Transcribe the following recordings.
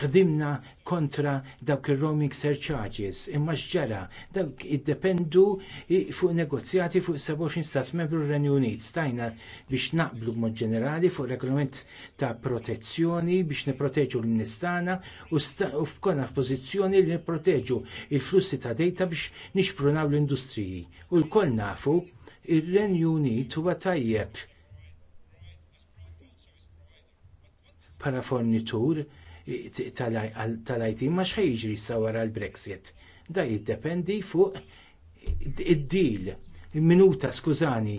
ħdimna kontra dawk il-roaming surcharges imma xġara dawk iddependu fuq negozjati fuq 27 stat membru Renju Unit stajna biex naqblu b'mod ġenerali fuq regolament ta' protezzjoni biex niproteġu l-nistana u f'konna f'pożizzjoni li niproteġu il-flussi ta' dejta biex nixprunaw l-industriji u l-koll nafu il renju Unit huwa tajjeb bħala fornitur tal-IT ma xħajġri sa l-Brexit. Da jiddependi fuq id-dil. Minuta, skużani,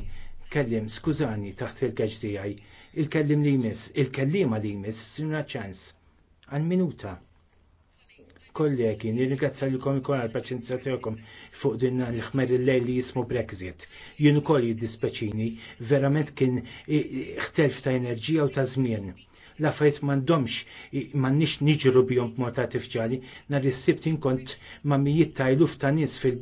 kellim, skużani, taħt il kaġdi tiegħi. Il-kellim li jmiss, il-kellima li jmiss, sinna ċans. Għal minuta. Kollegi, nirringrazzja lilkom ikoll għal paċenzja tiegħekom fuq din l-ħmer il-lejl li jismu Brexit. Jien ukoll jiddispeċini, verament kien ħtelf ta' enerġija u ta' żmien l-affarijiet m'għandhomx m'għandniex niġru bjom b'mod tifġali, nar is-sibt kont ma' mijiet ta' iluf ta' nies fil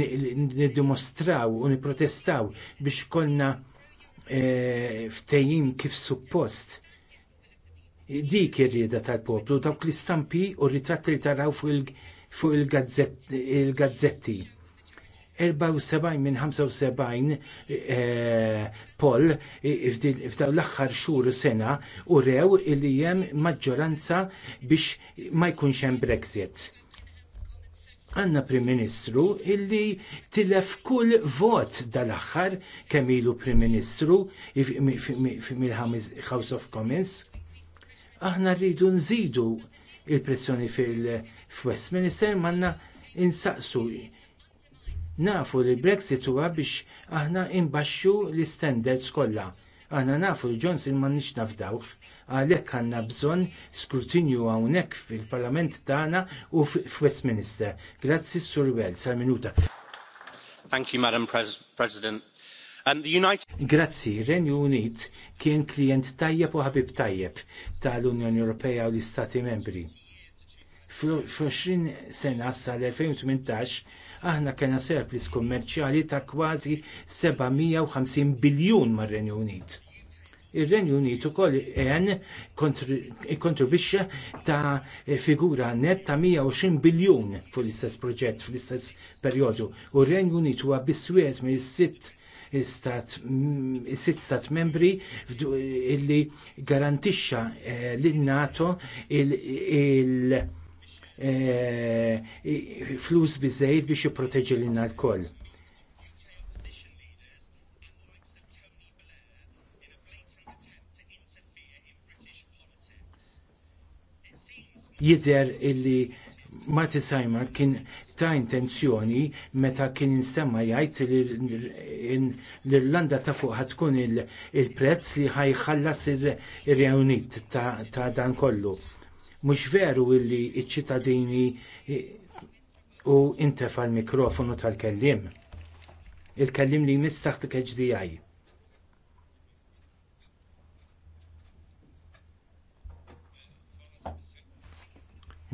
nidimostraw u nipprotestaw biex konna e, ftejim kif suppost. Dik ir-rieda tal-poplu dawk l-istampi u r-ritratti li taraw fuq il-gazzetti. 74 minn 75 eh, poll f'daw l-aħħar xhur sena u rew li hemm maġġoranza biex ma jkunx hemm Brexit. Għanna Prim Ministru illi tilef kull vot dal-aħħar kemm ilu Prim Ministru mill-House of Commons. Aħna rridu nżidu il-pressjoni fil-Westminster manna insaqsu Nafu li Brexit huwa biex aħna imbaxxu l istandards kollha. Aħna nafu li Johnson ma nix għalhekk għandna bżonn skrutinju hawnhekk fil-Parlament tagħna u f'Westminster. Grazzi Sur Wells għal minuta. Thank you, Madam President. And the United... Grazzi, Renju Unit kien klient tajjeb u ħabib tajjeb tal-Unjoni Ewropea u l-Istati Membri. Fl-20 sena sal-2018 Aħna kena surplus kummerċjali ta' kważi 750 biljun mar-Renju Unit. Ir-Renju Unit ukoll en kontribwixxa ta' figura net ta' 120 biljun fuq l-istess proġett fl-istess perjodu. U r-Renju Unit huwa biswiet minn sitt sitt stat membri illi garantixxa eh, lin nato il Eh, flus biżejjed biex jipproteġi lilna lkoll. Jidher illi Marty Simon kien ta' intenzjoni meta kien instemma jgħid li l-Irlanda ta' fuq ħatkun il-prezz li ħajħallas ir-reunit ta' dan kollu. Mhux veru illi iċ-ċittadini u intefa l-mikrofonu tal-kellim. Il-kellim li mistaħt HDI.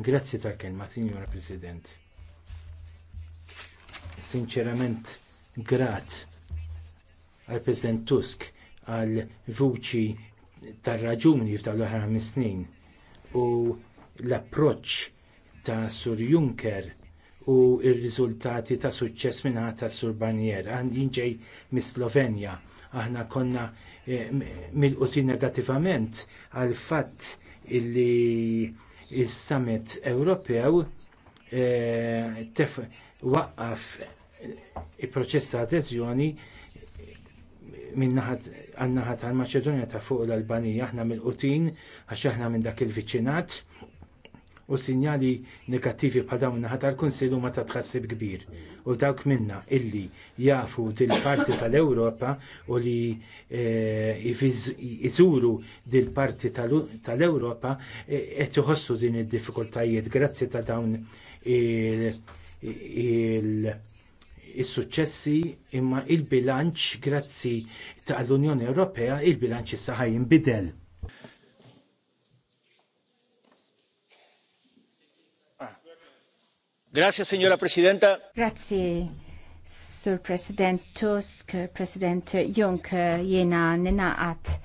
Grazzi tal-kelma, Signora President. Sinċerament, grat għal President Tusk għal vuċi tar raġuni f'dawn l-ħar snin u l-approċċ ta' Sur Juncker u r-riżultati ta' suċċess minna ta' Sur Barnier. Għandin ġej mis-Slovenja. Aħna konna eh, milquti negattivament għal fatt illi il-summit Ewropew eh, waqqaf il-proċess ta' adeżjoni minnaħat Ħan-naħa tal-Maċedonja ta' fuq l-Albanija aħna mill-qutin għax aħna minn dak il-viċinat u sinjali negattivi bħal dawn naħa tal-Kunsill huma ta' tħassib kbir. U dawk minna illi jafu dil-parti tal-Ewropa u li jżuru e, dil-parti tal-Ewropa e, qed iħossu din id-diffikultajiet grazzi ta' dawn il- is-suċċessi imma il bilanċ grazzi tal-Unjoni Ewropea il-bilanċ issa jinbidel. Grazie, signora Presidenta. Grazie, Sur President Tusk, President Juncker, jena nenaqat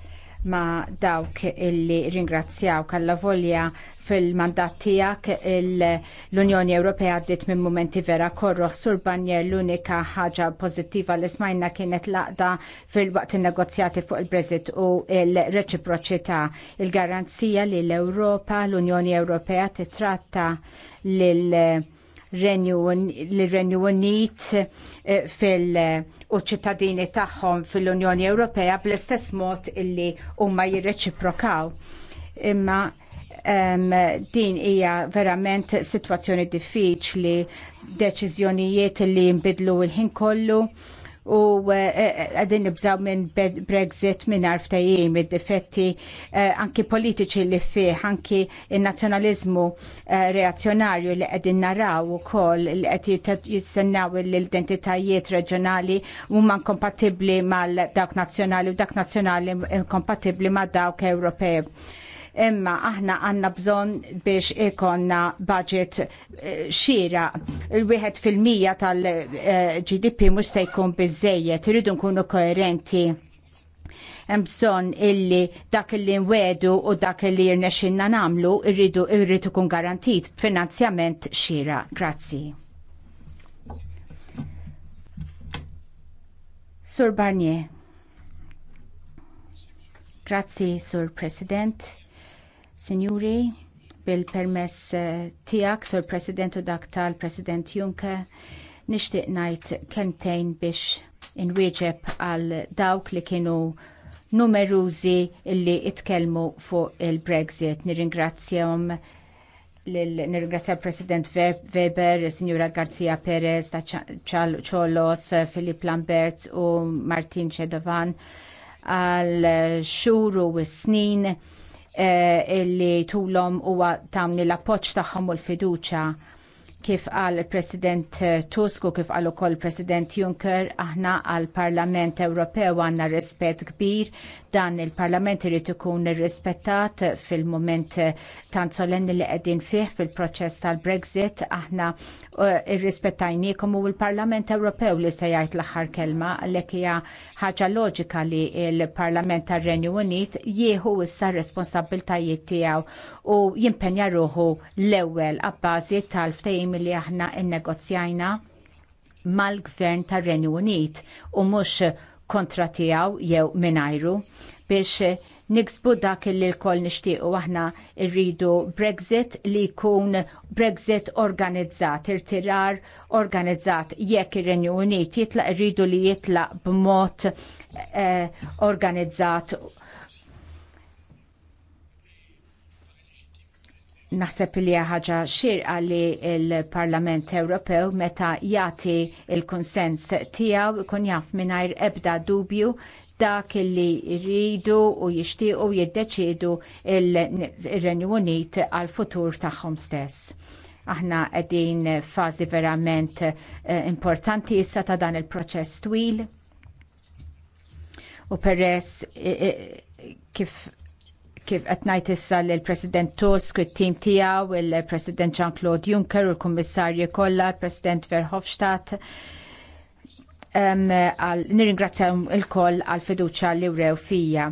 ma' dawk illi ringrazzjaw kalla volja fil-mandat tijak l-Unjoni Ewropea għaddit minn momenti vera korroħ sur banjer l-unika ħaġa pozittiva li smajna kienet laqda fil-waqt negozjati fuq il-Brexit u il-reċiproċità il-garanzija li l-Europa, l-Unjoni Ewropea titratta lil l-Renju Unit eh, u ċittadini tagħhom fil-Unjoni Ewropea bl-istess mod illi huma jirreċiprokaw. Imma um, din hija verament sitwazzjoni diffiċli, deċiżjonijiet li jinbidlu l ħin kollu u eh, eh, għadin nibżaw minn Brexit minn arftajim id defetti eh, anki politiċi li fih, anki il-nazjonalizmu reazzjonarju li għadin naraw u kol li għati jistennaw l-identitajiet reġjonali u man kompatibli mal dak nazjonali u dak nazjonali kompatibli ma dawk Ewropew imma aħna għanna bżon biex ikonna budget eh, xira il wieħed fil-mija tal-GDP mux se jkun bizzejiet, rridu nkunu koerenti hemm bżonn illi dak illi nwedu u dak illi jirnexxinna namlu irridu irrid kun garantit finanzjament xira. Grazzi. Sur Barnier. Grazzi, Sur President. Sinjuri, bil-permess eh, tiegħek, Sur President u dak tal-President Juncker, nixtieq ngħid kemtejn biex inwieġeb għal dawk li kienu numerużi illi itkellmu fuq il-Brexit. Nirringrazzjahom nirringrazzja l-President Weber, Signora Garcia Perez, Cholos, Filip Lambert u Martin Cedovan għal xuru u snin Eh, illi tulhom huwa tamni l-appoġġ tagħhom u l-fiduċja kif qal president eh, Tusk u kif qal ukoll president Juncker aħna għall Parlament Ewropew għandna rispet kbir dan il-Parlament irid ikun irrispettat fil-moment tant solenni li qegħdin fih fil-proċess tal-Brexit aħna uh, irrispettajniekom u l-Parlament Ewropew li se jgħid l-aħħar kelma għalhekk hija ħaġa loġika li l-Parlament tar-Renju Unit jieħu issa responsabbiltajiet tiegħu u jimpenja ruħu l-ewwel abbażi tal-ftehim li aħna nnegozjajna mal-gvern tar-Renju Unit u mhux kontra tiegħu jew minajru biex niksbu dak li l-koll nishtiqu aħna rridu Brexit li jkun Brexit organizzat, irtirar organizzat jekk ir-Renju Unit jitlaq rridu li jitlaq b'mod eh, organizzat Naħseb li ħaġa xirqa li l parlament Ewropew meta jagħti il-konsens tiegħu kun jaf mingħajr ebda dubju dak li rridu u jixtiequ jiddeċiedu il-Renju Unit għal futur tagħhom stess. Aħna qegħdin fażi verament eh, importanti issa ta' dan il-proċess twil. U peress eh, eh, kif kif qed ngħid issa lill president Tusk, it-tim tiegħu, il-President Jean-Claude Juncker, u l-Kummissarji kollha, il-President Verhofstadt. Um, Nirringrazzjahom il-koll għall-fiduċja li wrew fija.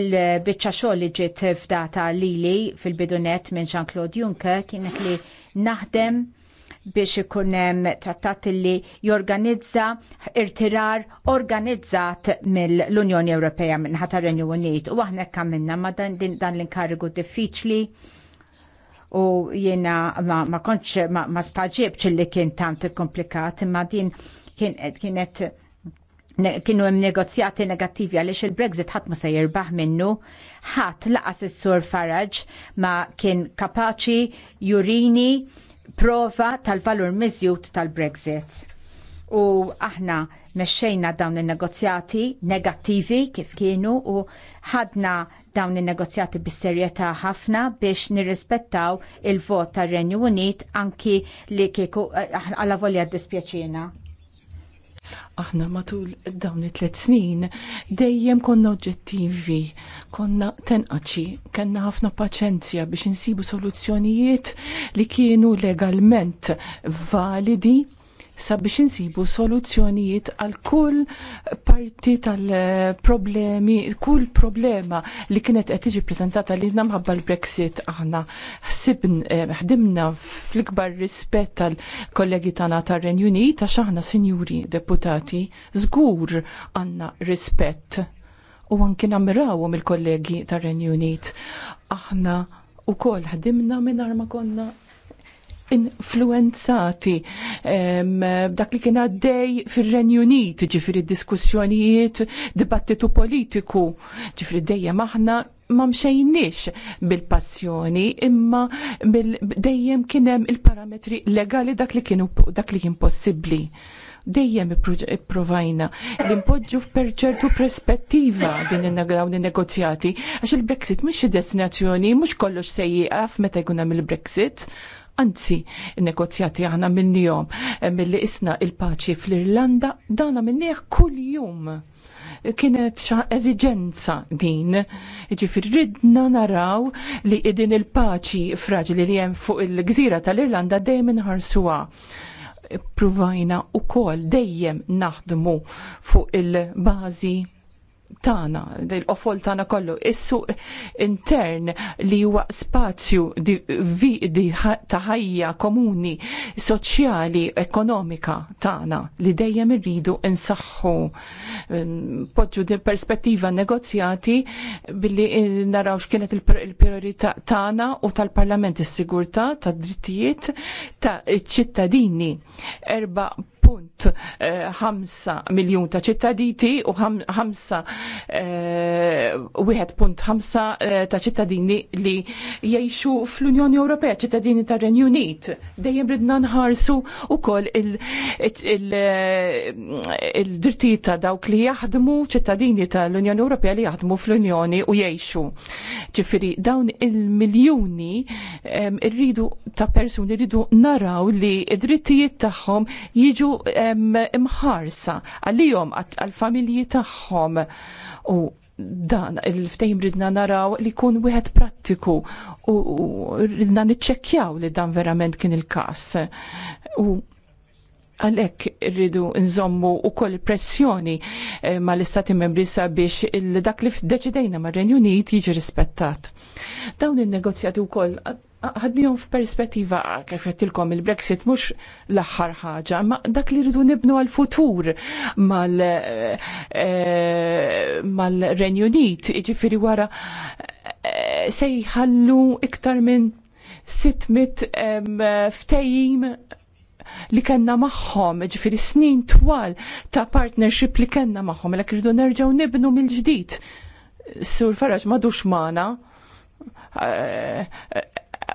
Il-biċċa xogħol li ġiet f'data lili fil-bidunet minn Jean-Claude Juncker kienet li naħdem biex ikun hemm trattat li jorganizza irtirar organizzat mill-Unjoni Ewropea minn Renju Unit u aħna kam għamilna ma dan, dan l-inkarigu diffiċli u jiena ma, ma konċ ma, ma staġibx li kien tant komplikat imma din kienet kienet kienu hemm negozjati negattivi għaliex il-Brexit ħadd ma se jirbaħ minnu, ħadd laqas is-Sur Farage ma kien kapaċi jurini prova tal-valur miżjud tal-Brexit. U aħna mexxejna dawn in-negozjati negattivi kif kienu u ħadna dawn in-negozjati bis-serjetà ħafna biex nirrispettaw il-vot tar-Renju Unit anki li kieku eh, għalla volja dispjaċina. Aħna matul dawn it-tlet snin dejjem konna oġġettivi, konna tenqaċi, kena ħafna paċenzja biex insibu soluzzjonijiet li kienu legalment validi sabiex insibu soluzzjonijiet għal kull parti tal-problemi, kull problema li kienet qed tiġi preżentata li namħabba l-Brexit aħna ħsibn eh, ħdimna fl-ikbar rispett tal-kollegi tagħna tar-Renju Unit għax aħna sinjuri deputati żgur għandna rispett u anki nammirawhom il-kollegi tar-Renju Unit aħna u kol ħdimna minnar ma konna influenzati dak li kien għaddej fir-Renju Unit, ġifiri diskussjonijiet, dibattitu politiku, ġifiri dejjem aħna ma mxejniex bil-passjoni imma bil dejjem kien hemm il-parametri legali dak li kienu dak li kien possibbli dejjem ipprovajna li npoġġu f'perċertu perspettiva din dawn in-negozjati għax il-Brexit mhux destinazzjoni mhux kollox sejjiqa f'meta jkun hemm il-Brexit Anzi, negozjati aħna minnijom eh, mill-li isna il-paċi fl-Irlanda dana minnijak kull-jum kienet xa eżigenza din. Ġifir ridna naraw li din il-paċi fraġli li jem fuq il-gżira tal-Irlanda dejjem inħarsuha. provajna u kol dejjem naħdmu fuq il-bazi tana, l-ofol tana kollu, issu intern li huwa spazju di, vi, di taħajja komuni, soċjali, ekonomika tana, li dejjem irridu insaħħu. Poġġu din perspettiva negozjati billi eh, naraw x'kienet il-priorità tana u tal-Parlament is-sigurtà, tad-drittijiet ta' ċittadini. Erba' punt 5 eh, miljon ta' ċittaditi u 5 1.5 eh, eh, ta' ċittadini li jgħixu fl-Unjoni Ewropea, ċittadini ta' Renju Unit. Dejjem ridna nħarsu wkoll eh, il-dirti ta' dawk li jaħdmu ċittadini tal-Unjoni Ewropea li jaħdmu fl-Unjoni u jgħixu. Ġifiri, dawn il-miljuni rridu ta' persuni rridu naraw li id-drittijiet tagħhom jiġu imħarsa għalihom għall-familji tagħhom U dan il-ftejm ridna naraw li kun wieħed prattiku u ridna niċċekkjaw li dan verament kien il-każ. U għalek rridu nżommu u koll pressjoni eh, ma l-istati membri sabiex il-dak li f'deċidejna ma renju Unit jiġi rispettat. Dawn il-negozjati u koll ħadnijom f'perspettiva kif jettilkom il-Brexit mux l-axħar ħaġa, ma dak li rridu nibnu għal-futur eh, mal-Renju Unit, ġifiri wara eh, se jħallu iktar minn 600 ftejim li kellna magħhom, ġifiri snin twal ta' partnership li kellna magħhom, l irridu nerġgħu nibnu mill-ġdid. Sur Faraġ madux maħna, eh, eh, eh,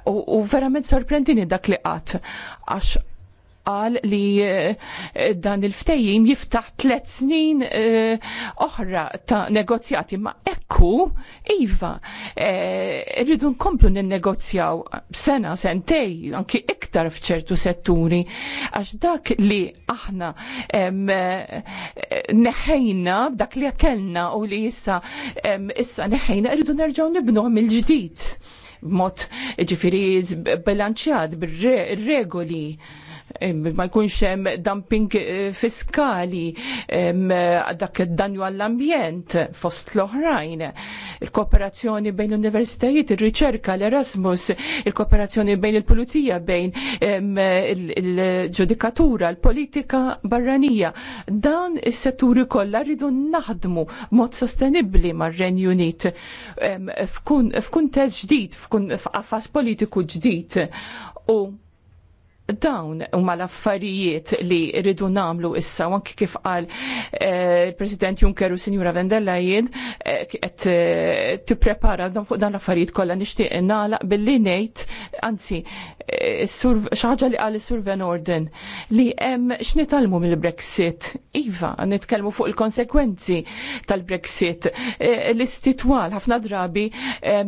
U verament sorprendini dak li qatt għax qal li eh, dan il-ftejjim jiftaħ tliet snin eh, oħra ta' negozjati ma' ekku iva eh, rridu nkomplu ninnegozjaw sena sentej anki iktar f'ċertu setturi għax dak li aħna neħejna dak li kellna u li issa issa neħejna rridu nerġgħu nibnuhom il-ġdid mot ġifiriz bilanċjad, bir-regoli. -re ma jkunx hemm dumping eh, fiskali dak id-danju għall-ambjent fost l-oħrajn. Il-kooperazzjoni bejn l-universitajiet, ir-riċerka, l-Erasmus, il-kooperazzjoni bejn il-pulizija, bejn il-ġudikatura, l-politika barranija. Dan is-setturi kollha rridu naħdmu mod sostenibbli mar-Renju Unit f'kuntest ġdid, f'qafas politiku ġdid. U dawn huma l-affarijiet li rridu namlu issa, u anki kif qal eh, il-President Juncker u Sinjura Vendella jien eh, qed eh, tipprepara fuq dan l-affarijiet kollha nixtieq nagħlaq billi ngħid anzi xaħġa li qal is-Sur Van Orden li hemm x'nitalmu mill-Brexit. Iva, nitkellmu fuq il-konsekwenzi tal-Brexit. L-istitwal ħafna drabi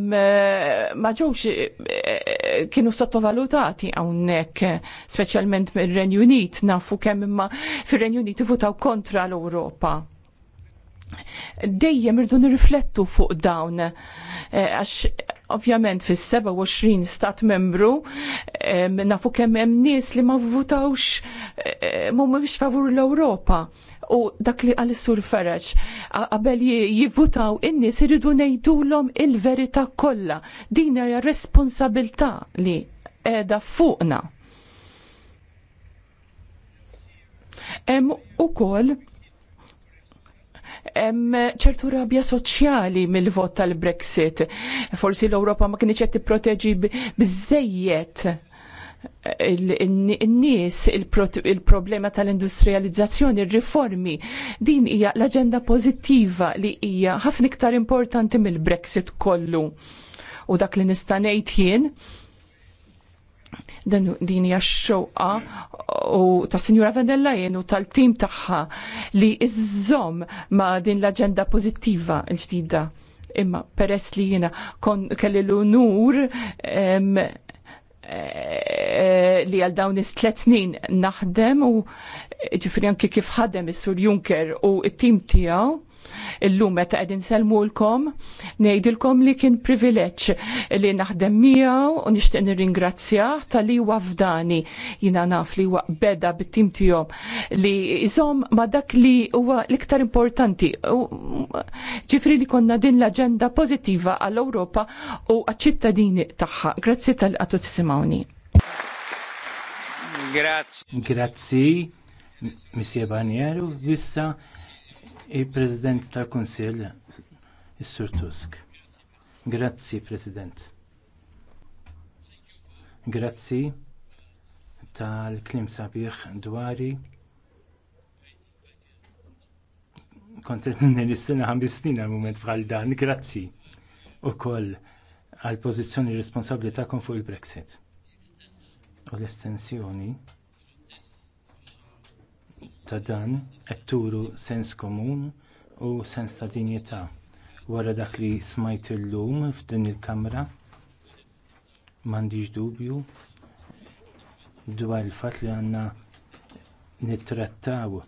ma ġewx kienu sottovalutati hawnhekk speċjalment mir-Renju Unit, nafu kemm imma fir-Renju Unit ivutaw kontra l-Ewropa dejjem irdu nirriflettu fuq dawn. Eh, għax ovvjament fis-27 stat membru eh, nafu kemm hemm nies li ma vvutawx ma eh, mhumiex favur l-Ewropa. U dak li għal sur Feraċ, qabel jivvutaw in-nies iridu ngħidulhom il-verità kollha. Din hija li qiegħda fuqna. Hemm ukoll hemm ċertu rabja soċjali mill-vot tal-Brexit. Forsi l-Ewropa ma kienx qed tipproteġi biżejjed in-nies il-problema tal-industrializzazzjoni, il riformi Din hija l-aġenda pożittiva li hija ħafna iktar importanti mill-Brexit kollu. U dak li nista' ngħid jien din hija x-xewqa u ta' Sinjura Vendella u tal-tim tagħha li iżżomm ma' din l-aġenda pożittiva l-ġdida. Imma peress li jiena kelli l-unur e, e, li għal dawn is-tlet snin naħdem u ġifri anki kif ħadem is-Sur Juncker u t-tim tiegħu Illum meta qegħdin selmulkom, ngħidilkom li kien privileġġ li naħdem miegħu u nixtieq nirringrazzjah tal-li huwa fdani jiena naf li huwa beda bit-tim tiegħu li iżom ma dak li huwa l-iktar importanti. Ġifri li konna din l-aġenda pożittiva għall-Ewropa u għaċ-ċittadini tagħha. Grazzi tal-qatu tisimgħuni. Grazzi. Grazzi. Missie Banieru, vissa il-President tal-Kunsill, is-Sur Tusk. Grazzi, President. Grazzi tal-klim sabiħ dwari kont nil-sena ħamis snin għal mument bħal dan, grazzi u koll għal pożizzjoni responsabbli tagħkom fuq il-Brexit. U l-estensjoni ta' dan qed turu sens komun u sens ta' dinjità wara dak li smajt illum f'din il-kamra m'għandix dubju dwar il-fatt li għandna nittrattaw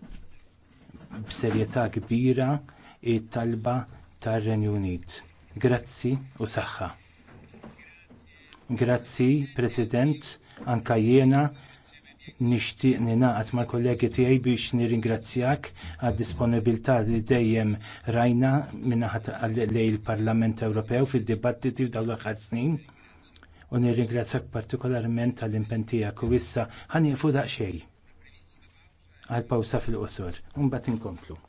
b'serjetà kbira t-talba tar-Renju Unit. Grazzi u saħħa. Grazzi, President, anka jiena nixtieq ninaqat mal kollegi tiegħi biex nirringrazzjak għad disponibilità li dejjem rajna minnaħat lej il-Parlament Ewropew fil dibattiti f'dawn l-aħħar snin. U nirringrazzjak partikolarment għall impentijak tiegħek u issa jifu daqsxejn għal pawsa fil-qosor. Mbagħad inkomplu.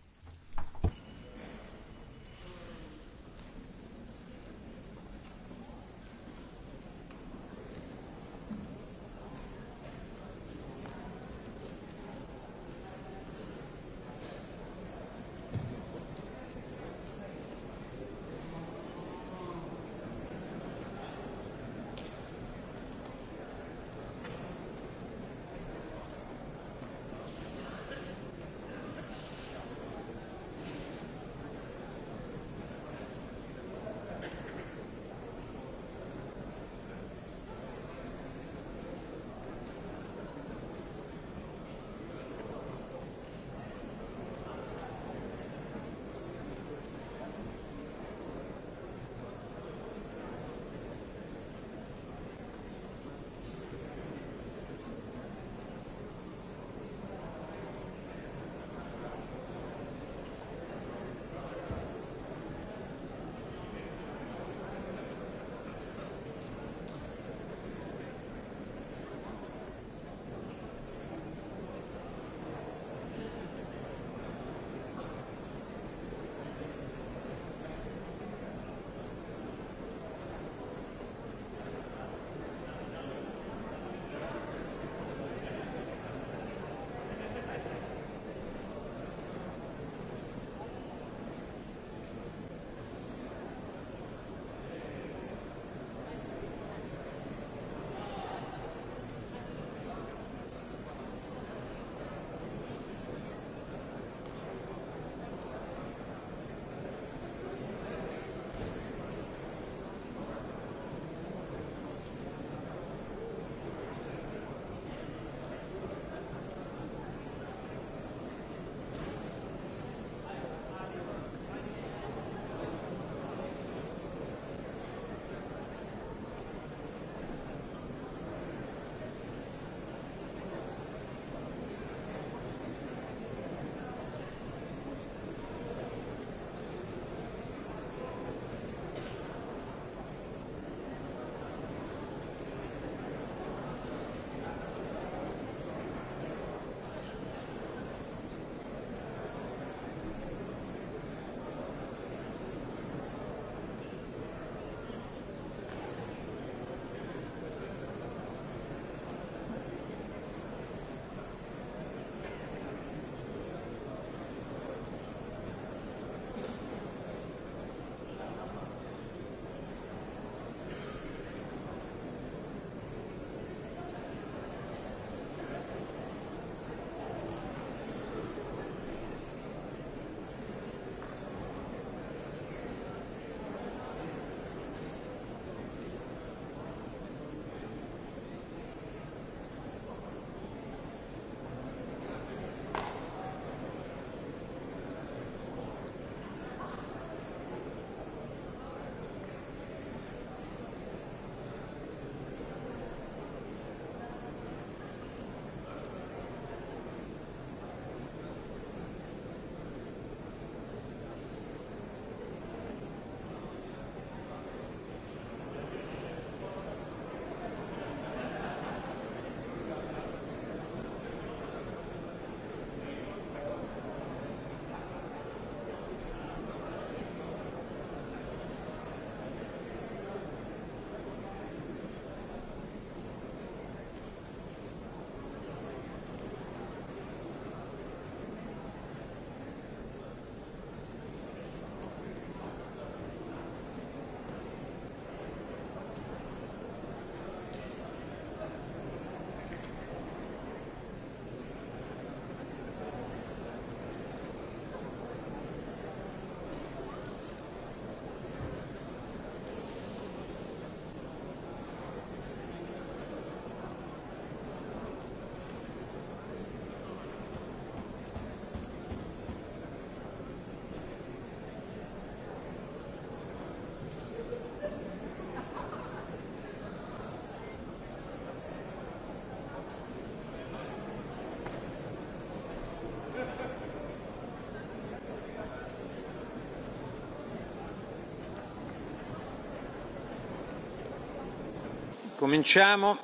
Cominciamo.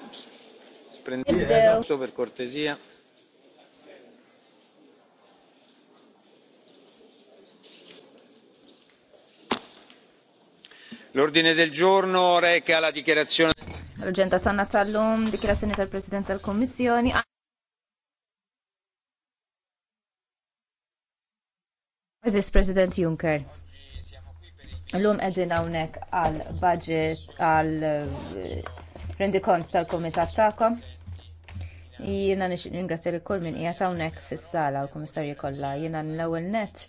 Prendete per cortesia. L'ordine del giorno reca la dichiarazione. L'agenda Tanna Tallum, dichiarazione del Presidente tal Commissioni. Mrs. President Juncker, lum edin għal budget għal rendikont tal-kumitat tagħkom. Jiena nirringrazzja lil kull min qiegħed hawnhekk fis-sala l-Kummissarju kollha. Jiena l-ewwel nett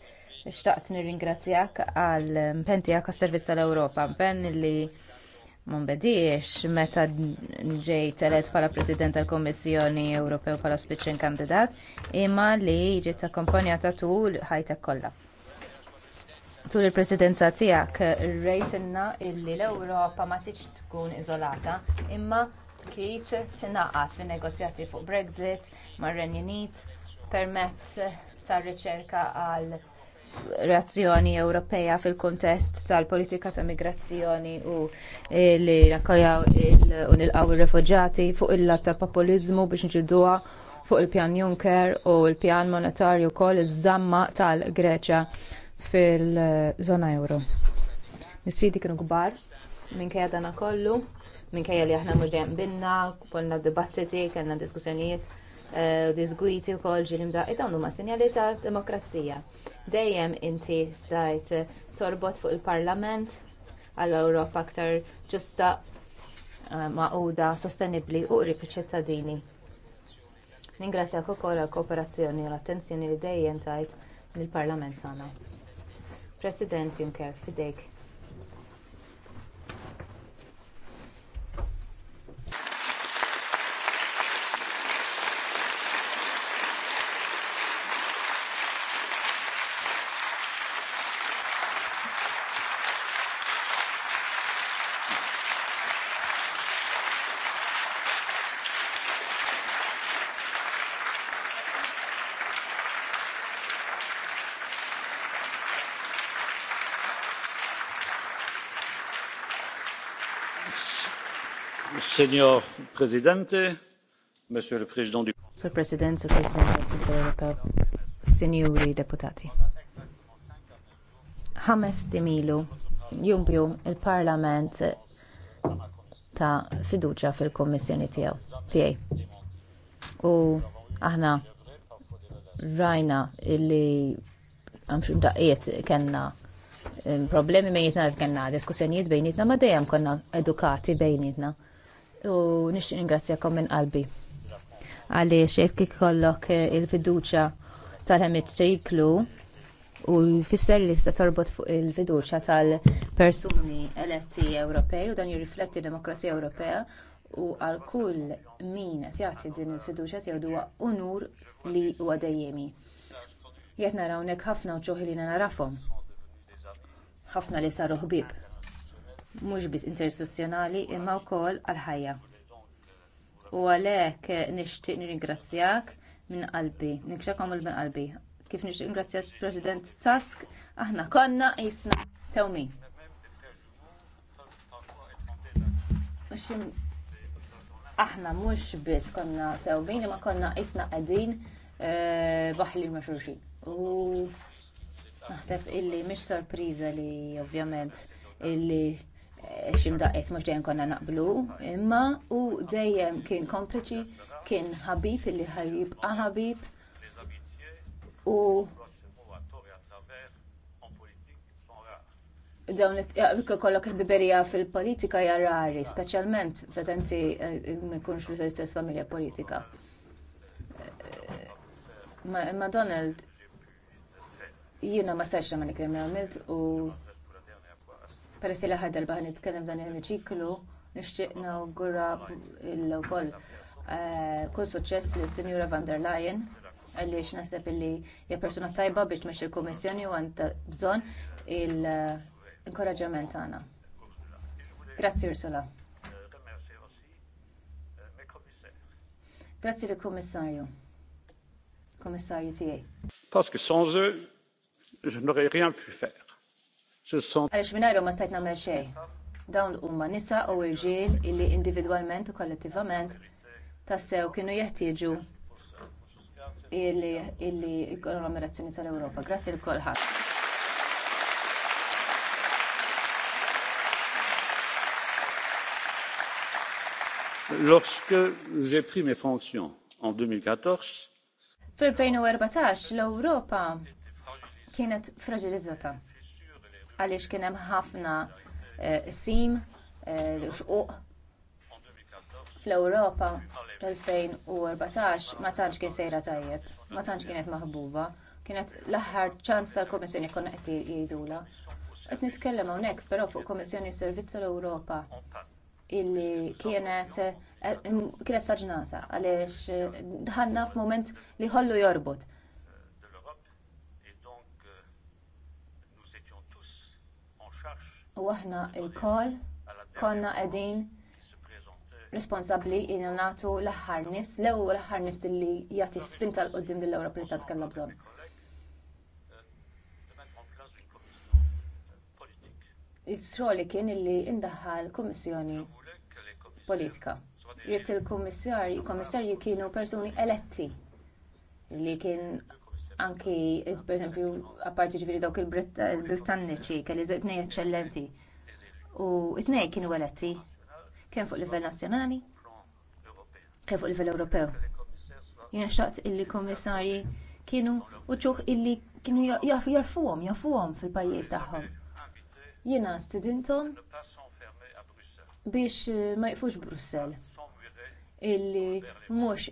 xtaqt nirringrazzjak għal mpen tiegħek għas-Servizz tal-Ewropa, mpen li ma nbediex meta ġej telet bħala President tal-Kummissjoni Ewropew bħala spiċċen kandidat, imma li ġiet akkompanjata tul ħajtek kollha tul il-presidenza tiegħek rejtilna illi l-Ewropa ma tix tkun iżolata imma trid tingħaqad fin-negozjati fuq Brexit mar-Renju Unit permezz ta' riċerka għal reazzjoni Ewropea fil-kuntest tal-politika ta' migrazzjoni u li nakkoljaw u qawwi r refuġjati fuq il-lat ta' populiżmu biex nġilduha fuq il-pjan Juncker u l-pjan monetarju wkoll iż-żamma tal-Greċja fil-żona euro. Nisfidi kienu kbar minkejja dana kollu, minkejja li aħna mhux dejjem binna, kollna dibattiti, kellna diskussjonijiet, u eh, disgwiti wkoll ġieli mdaqqa eh, dawn huma sinjali ta' demokrazija. Dejjem inti stajt torbot fuq il-Parlament għall Ewropa aktar ġusta eh, maquda sostenibbli u qrib iċ-ċittadini. Ningrazzjak ukoll għall kooperazzjoni u l-attenzjoni li dejjem tajt lill-Parlament tagħna. President Juncker f'idejh Signor Presidente, Monsieur le Président du Sur President, Sur President del Consiglio Europeo, Sinjuri Deputati. Ħames timilu jumbju il-Parlament ta' fiduċa fil-Kommissjoni tiegħu tiegħi. U aħna rajna illi għamxu daqiet kellna mm, problemi bejnietna kellna diskussjonijiet bejnietna ma dejjem konna edukati bejnietna u nixtieq ningrazzjakom minn qalbi għaliex jekk ikollok eh, il-fiduċja tal-ċiklu u jfisser li sta torbot fuq il-fiduċja tal-persuni eletti Ewropej u dan jirrifletti l demokrazija Ewropea u għal kull min qed jagħti din il-fiduċja tiegħu huwa unur li huwa dejjemi. Jekk naraw hawnhekk ħafna u ċoħli narafhom. Ħafna li saru ħbieb mhux biss interistituzzjonali imma wkoll għall-ħajja. U għalhekk nixtieq nirringrazzjak minn qalbi, nikxakom minn qalbi. Kif nixtieq nirringrazzjak President Tusk, aħna konna qisna tewmi. Aħna mhux biss konna tewmin imma konna qisna qegħdin eh, baħli l-maxurxin. U naħseb illi mhix sorpriża li ovvjament illi ximdaqes mhux dejjem konna naqblu, imma u dejjem kien kompliċi, kien ħabib illi ħajibqa' ħabib u dawn kollok il-biberija fil-politika hija rari, speċjalment meta inti eh, ma jkunx l-istess familja politika. Eh, ma Donald jiena ma sarx nagħmel kriminalment u Peress li ħadda l-baħ nitkellem dan il-riċiklu, u nawgura l-wkoll eh, kull suċċess lis sinjura van der Leyen għaliex naħseb illi hija persuna tajba biex tmexxi l-Kummissjoni u għandha bżonn il-inkoraġġament tagħna. Grazzi Ursula. Grazzi li kummissarju Kummissarju tiegħi. Parce que sans eux, je n'aurais rien pu faire. Għaliex mingħajru ma stajt nagħmel xej. Dawn huma nisa u irġil illi individualment u kollettivament tassew kienu jeħtieġu illi l ammirazzjoni tal europa Grazzi lil kolħat Lorsque j'ai pris mes fonctions en 2014, fil-2014 l-Ewropa kienet fragilizzata għaliex kien hemm ħafna eh, sim eh, xquq fl-Ewropa 2014 ma tantx kien sejra tajjeb, ma tantx kienet maħbuba, kienet l-aħħar ċans tal-Komissjoni konna qed jgħidula. Qed nitkellem hawnhekk però fuq Komissjoni Servizz tal-Ewropa illi kienet eh, kienet saġnata għaliex dħanna f'mument li ħollu jorbot u aħna lkoll konna qegħdin responsabbli li nagħtu l-aħħar nifs l-ewwel l-aħħar nifs li jagħti spinta l quddiem lill-ewropa li tant bżonn is xogħol kien illi ndaħħal kummissjoni politika jrid il-kummissarji kienu persuni eletti li kien anki parte ci vedo dawk il che kelli tnej eċċellenti u t-tnejn kienu eletti kemm fuq livell nazzjonali kemm fuq livell Ewropew. Jiena xtaqt illi kummissarji kienu uċuħ illi kienu jarfuhom jafuhom fil-pajjiż tagħhom. Jiena stidintom biex ma jqfux Brussell illi mhux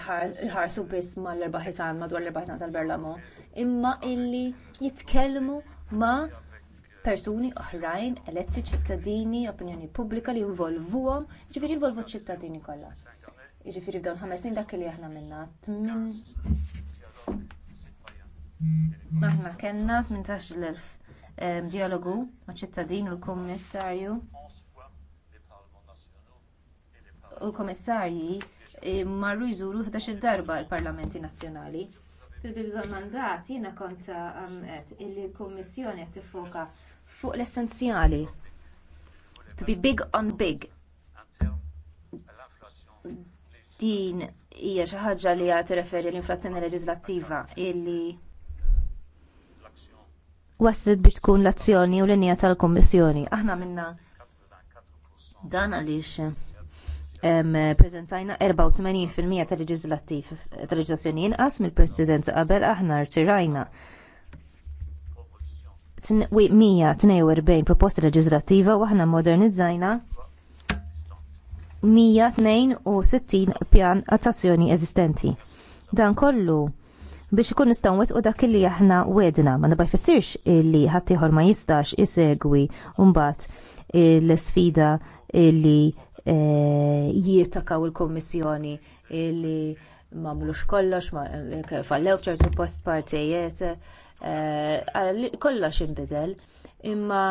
jħarsu biss mal erba ħitan madwar l ħitan tal-Berlamo, imma illi jitkellmu ma' persuni oħrajn, eletti ċittadini, opinjoni pubblika li involvuhom, ġifieri involvu ċittadini kollha. Jiġifieri f'dawn ħames snin dak li aħna minna. Aħna kellna 18,000 dialogu ma' ċittadin u l-kummissarju. U l-kummissarji marru jżuru 11 darba l-Parlamenti Nazzjonali. fil bibda mandat jiena konta um, għamet illi l-Kommissjoni qed tiffoka fuq l-essenzjali. To be big on big. Din hija xi ħaġa li għad tirreferi l-inflazzjoni leġislattiva illi waslet biex tkun l-azzjoni u l-linja tal-Kommissjoni. Aħna minna dan għaliex prezentajna 84% tal mija tal-leġislazzjoni inqas mill-presidenza qabel aħna rtirajna. 142 proposta leġislattiva u aħna modernizzajna 162 pjan attazzjoni eżistenti. Dan kollu biex ikun nistgħu wetqu dak li aħna wedna ma nibgħaj fissirx li ħaddieħor ma jistax isegwi mbagħad l-sfida li E, jittakaw il kummissjoni li mamlux kollox, e, fallew ċertu post partijiet, e, kollox inbidel, imma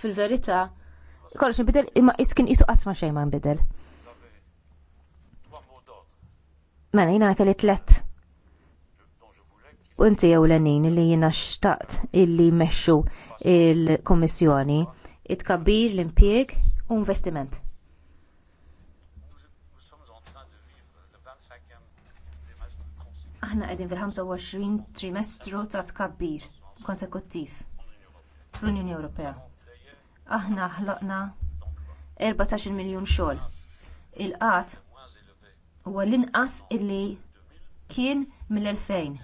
fil-verità kollox inbidel, imma iskin isu qatt ma xejn ma nbidel. Mela jiena kelli tlet u inti jew lenin li jiena xtaqt illi jmexxu il-Kummissjoni it-tkabbir l-impjieg u investiment. Aħna qegħdin fil-25 trimestru ta' tkabbir konsekuttiv fl-Unjoni Ewropea. Aħna ħloqna 14 miljun xogħol. Il-qatt huwa l-inqas illi kien mill-2000.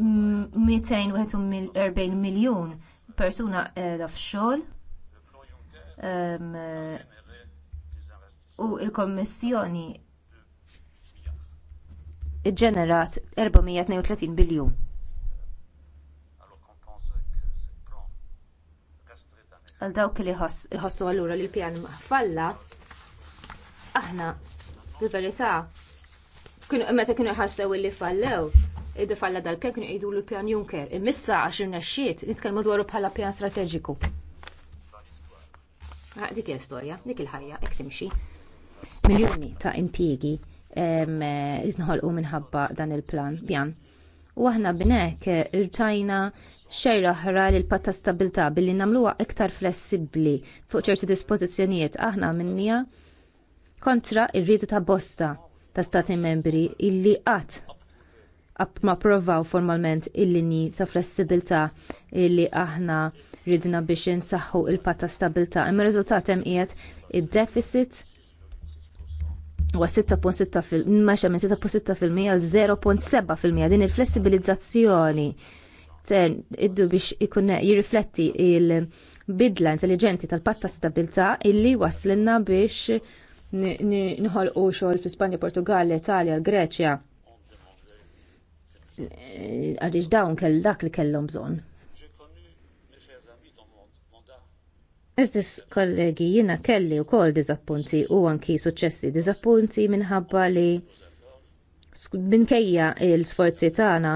241 miljun persuna qiegħda f'xogħol u l kummissjoni ġġenerat 432 biljun. Għal dawk li jħossu allura li l-pjan falla, aħna fil-verità meta kienu jħassew li fallew, id falla dal-pjan kienu jgħidu l-pjan Juncker. Imissa għax irnexxiet nitkellmu dwaru bħala pjan strateġiku. Ah, dik hija storja, dik il-ħajja, hekk timxi. Miljuni ta' impjiegi eh, nħolqu minħabba dan il-plan bjan. U aħna b'nek eh, irtajna xejra oħra lil patta stabilità billi nagħmluha iktar flessibbli fuq ċerti dispożizzjonijiet aħna minnija kontra r ridu ta' bosta ta' stati membri illi qatt ma provaw formalment il-linji ta' flessibilità li aħna ridna biex insaħħu il-pat ta' stabbiltà. Imma riżultat hemm qiegħed id-deficit huwa 6.6 mexa minn 6.6% għal 0.7% din il-flessibilizzazzjoni iddu biex ikun jirrifletti il-bidla intelligenti tal-patt ta' stabbiltà illi waslinna biex nħolqu xogħol fi Spanja, Portugal, Italja, Greċja għaliex dawn kell dak li kellhom bżonn. Eżis kollegi jiena kelli wkoll dizappunti u anki suċċessi dizappunti minħabba li minkejja l-sforzi tagħna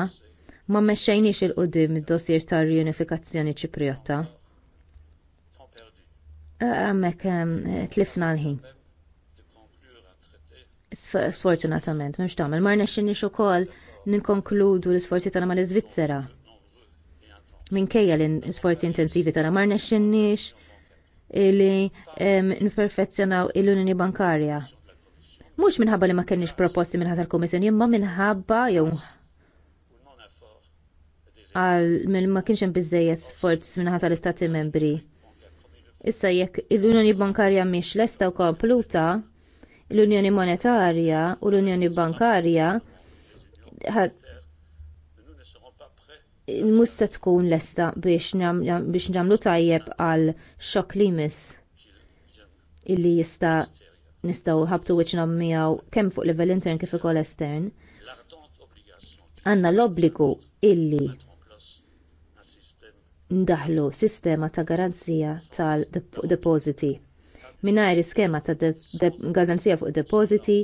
ma mexxejniex il qudiem id-dossier ta' riunifikazzjoni Ċipriotta. Għamek tlifna l-ħin. Sfortunatament, mhux tagħmel, ma rnexxinniex ukoll ninkonkludu l-isforzi tagħna mal-Iżvizzera. Minkejja l-isforzi intensivi tagħna ma rnexxinniex li nperfezzjonaw il-Unjoni Bankarja. Mhux minħabba li ma kenniex proposti minħabba tal-Kummissjoni, imma minħabba jew għal ma kienx hemm biżejjed sforz minħabba tal-Istati Membri. Issa jekk l-Unjoni Bankarja mhix lesta u kompluta, l-Unjoni Monetarja u l-Unjoni Bankarja musta tkun lesta biex namlu tajjeb għal xokk li mis illi jista' nistgħu ħabtu wiċċna miegħu kemm fuq livell intern kif ukoll estern. għanna l-obbligu illi ndaħlu sistema ta' garanzija tal depositi mingħajr skema ta' garanzija fuq id-depositi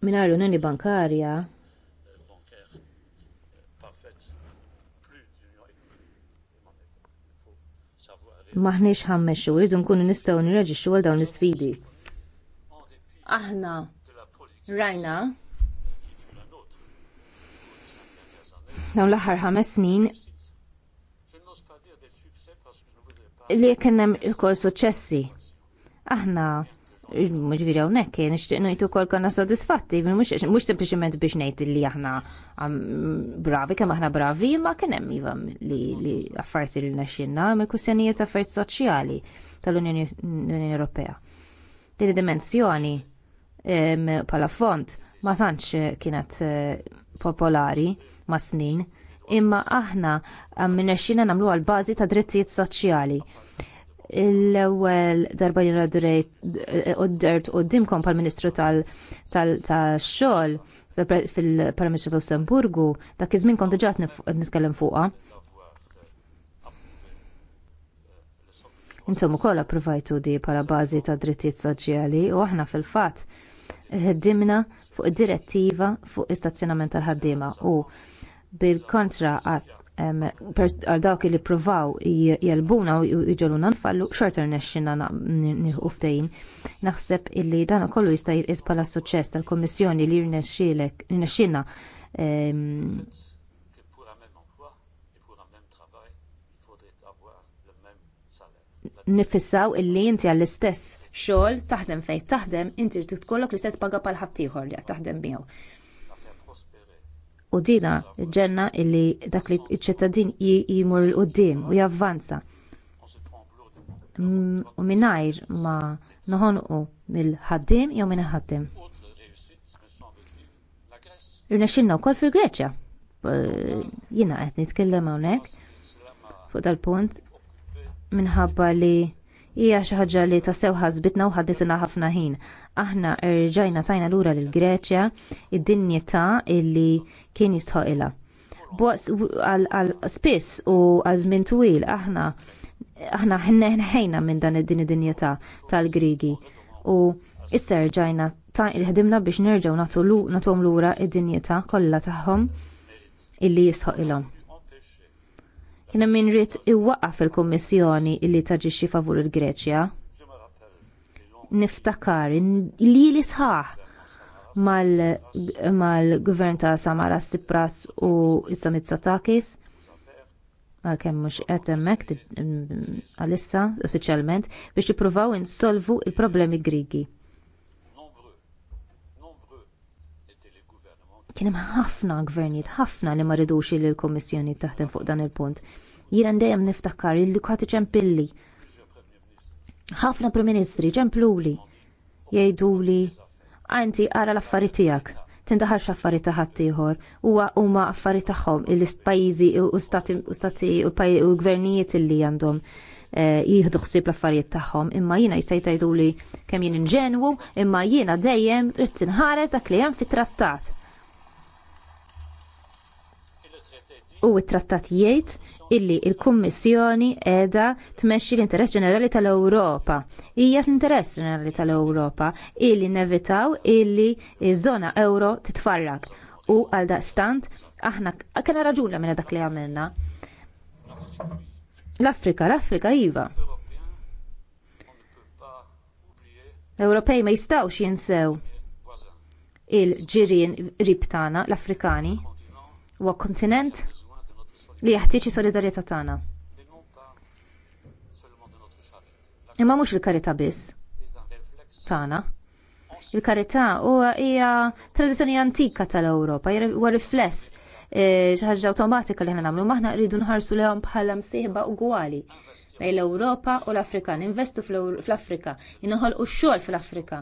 l unjoni bankarja maħniex ħammexxu irridu nkunu nistgħu nirreġixxu għal dawn l-isfidi. Aħna rajna dawn l-aħħar ħames snin li kien il-kol suċċessi. Aħna Mġviri għonek, nishtiq nujtu kol konna soddisfatti, mux sempliciment biex nejt li aħna bravi, kem aħna bravi, ma kienem jiva li affarti li naxinna, mill kusjanijiet affarijiet soċjali tal-Unjoni Ewropea. Tini dimensjoni pala font ma tantx kienet eh, popolari ma snin, imma aħna minna xina namlu għal bazi ta' drittijiet soċjali l-ewwel darba li u d-dimkom pal-Ministru tal-xogħol fil-Parlament Lussemburgu dak iż-żmien kont diġà nitkellem fuqha. Intom ukoll approvajtu di bħala bażi ta' drittijiet soċjali u aħna fil-fatt ħeddimna fuq id-direttiva fuq istazzjonament tal-ħaddiema u bil-kontra għat għal dawk li provaw jelbuna u jġoluna nfallu xorta rnexxina nieħu Naħseb illi dan kollu jista' jirqis bħala suċċess tal-Kommissjoni li rnexxilna nifissaw illi inti għall-istess xogħol taħdem fejn taħdem inti trid tkollok l-istess paga bħal ħaddieħor li qed taħdem miegħu u dina ġenna illi dak li ċ-ċittadin jimur l-qoddim u javvanza u minnajr ma noħonqu mill ħaddim jew minn ħaddiem. u wkoll fil-Greċja. Jiena qed nitkellem hawnhekk fuq dal-punt minħabba li hija xi ħaġa li tassew ħasbitna u ħadditina ħafna ħin. Aħna rġajna tajna lura lil Greċja id-dinjità illi kien jistħoqilha. Għal spiss u għal żmien twil aħna aħna ħnejna minn dan id-din id-dinjità tal-Grigi u issa rġajna ħdimna biex nerġgħu nagħtuhom lura id-dinjità kollha tagħhom illi jisħoqilhom. Jiena min rrit iwaqqa fil-Kummissjoni li taġixxi favur il-Greċja. Niftakar li li sħaħ mal-gvern ta' Samara Sipras u Isamit Satakis għalkemm mhux qed hemmhekk għalissa uffiċjalment biex jippruvaw insolvu l problemi Grigi. kien hemm ħafna gvernijiet ħafna li ma rridux li l-Kummissjoni taħdem fuq dan il-punt. Jiena dejjem niftakar illi kati ċempilli. Ħafna Prim Ministri ċempluli jgħiduli anti ara l-affarijiet tiegħek tindaħal xaffari ta' ħadd ieħor huwa huma affarijiet tagħhom il-pajjiżi u stati u gvernijiet illi għandhom eh, jieħdu ħsieb l-affarijiet tagħhom imma jiena jista' li kemm jien inġenwu imma jiena dejjem trid tinħares dak li hemm fit-trattat. u t-trattat jgħid illi l kummissjoni qiegħda tmexxi l-interess ġenerali tal-Ewropa. Hija l-interess ġenerali tal-Ewropa illi nevitaw illi ż-żona euro titfarrak u għal daqstant aħna kena raġuna minn dak li għamilna. L-Afrika, l-Afrika iva. L-Ewropej ma jistawx jinsew il-ġirien rib tagħna, l-Afrikani, huwa kontinent li jeħtieġ is-solidarjetà tagħna. Imma mhux il-karità biss tagħna. Il-karità huwa hija tradizzjoni antika tal-Ewropa, huwa rifless eh, xi ħaġa awtomatika li ħna nagħmlu maħna rridu nħarsu lehom bħala msieħba ugwali bejn l-Ewropa u l-Afrika, ninvestu fl-Afrika, inħolqu x-xogħol fl-Afrika.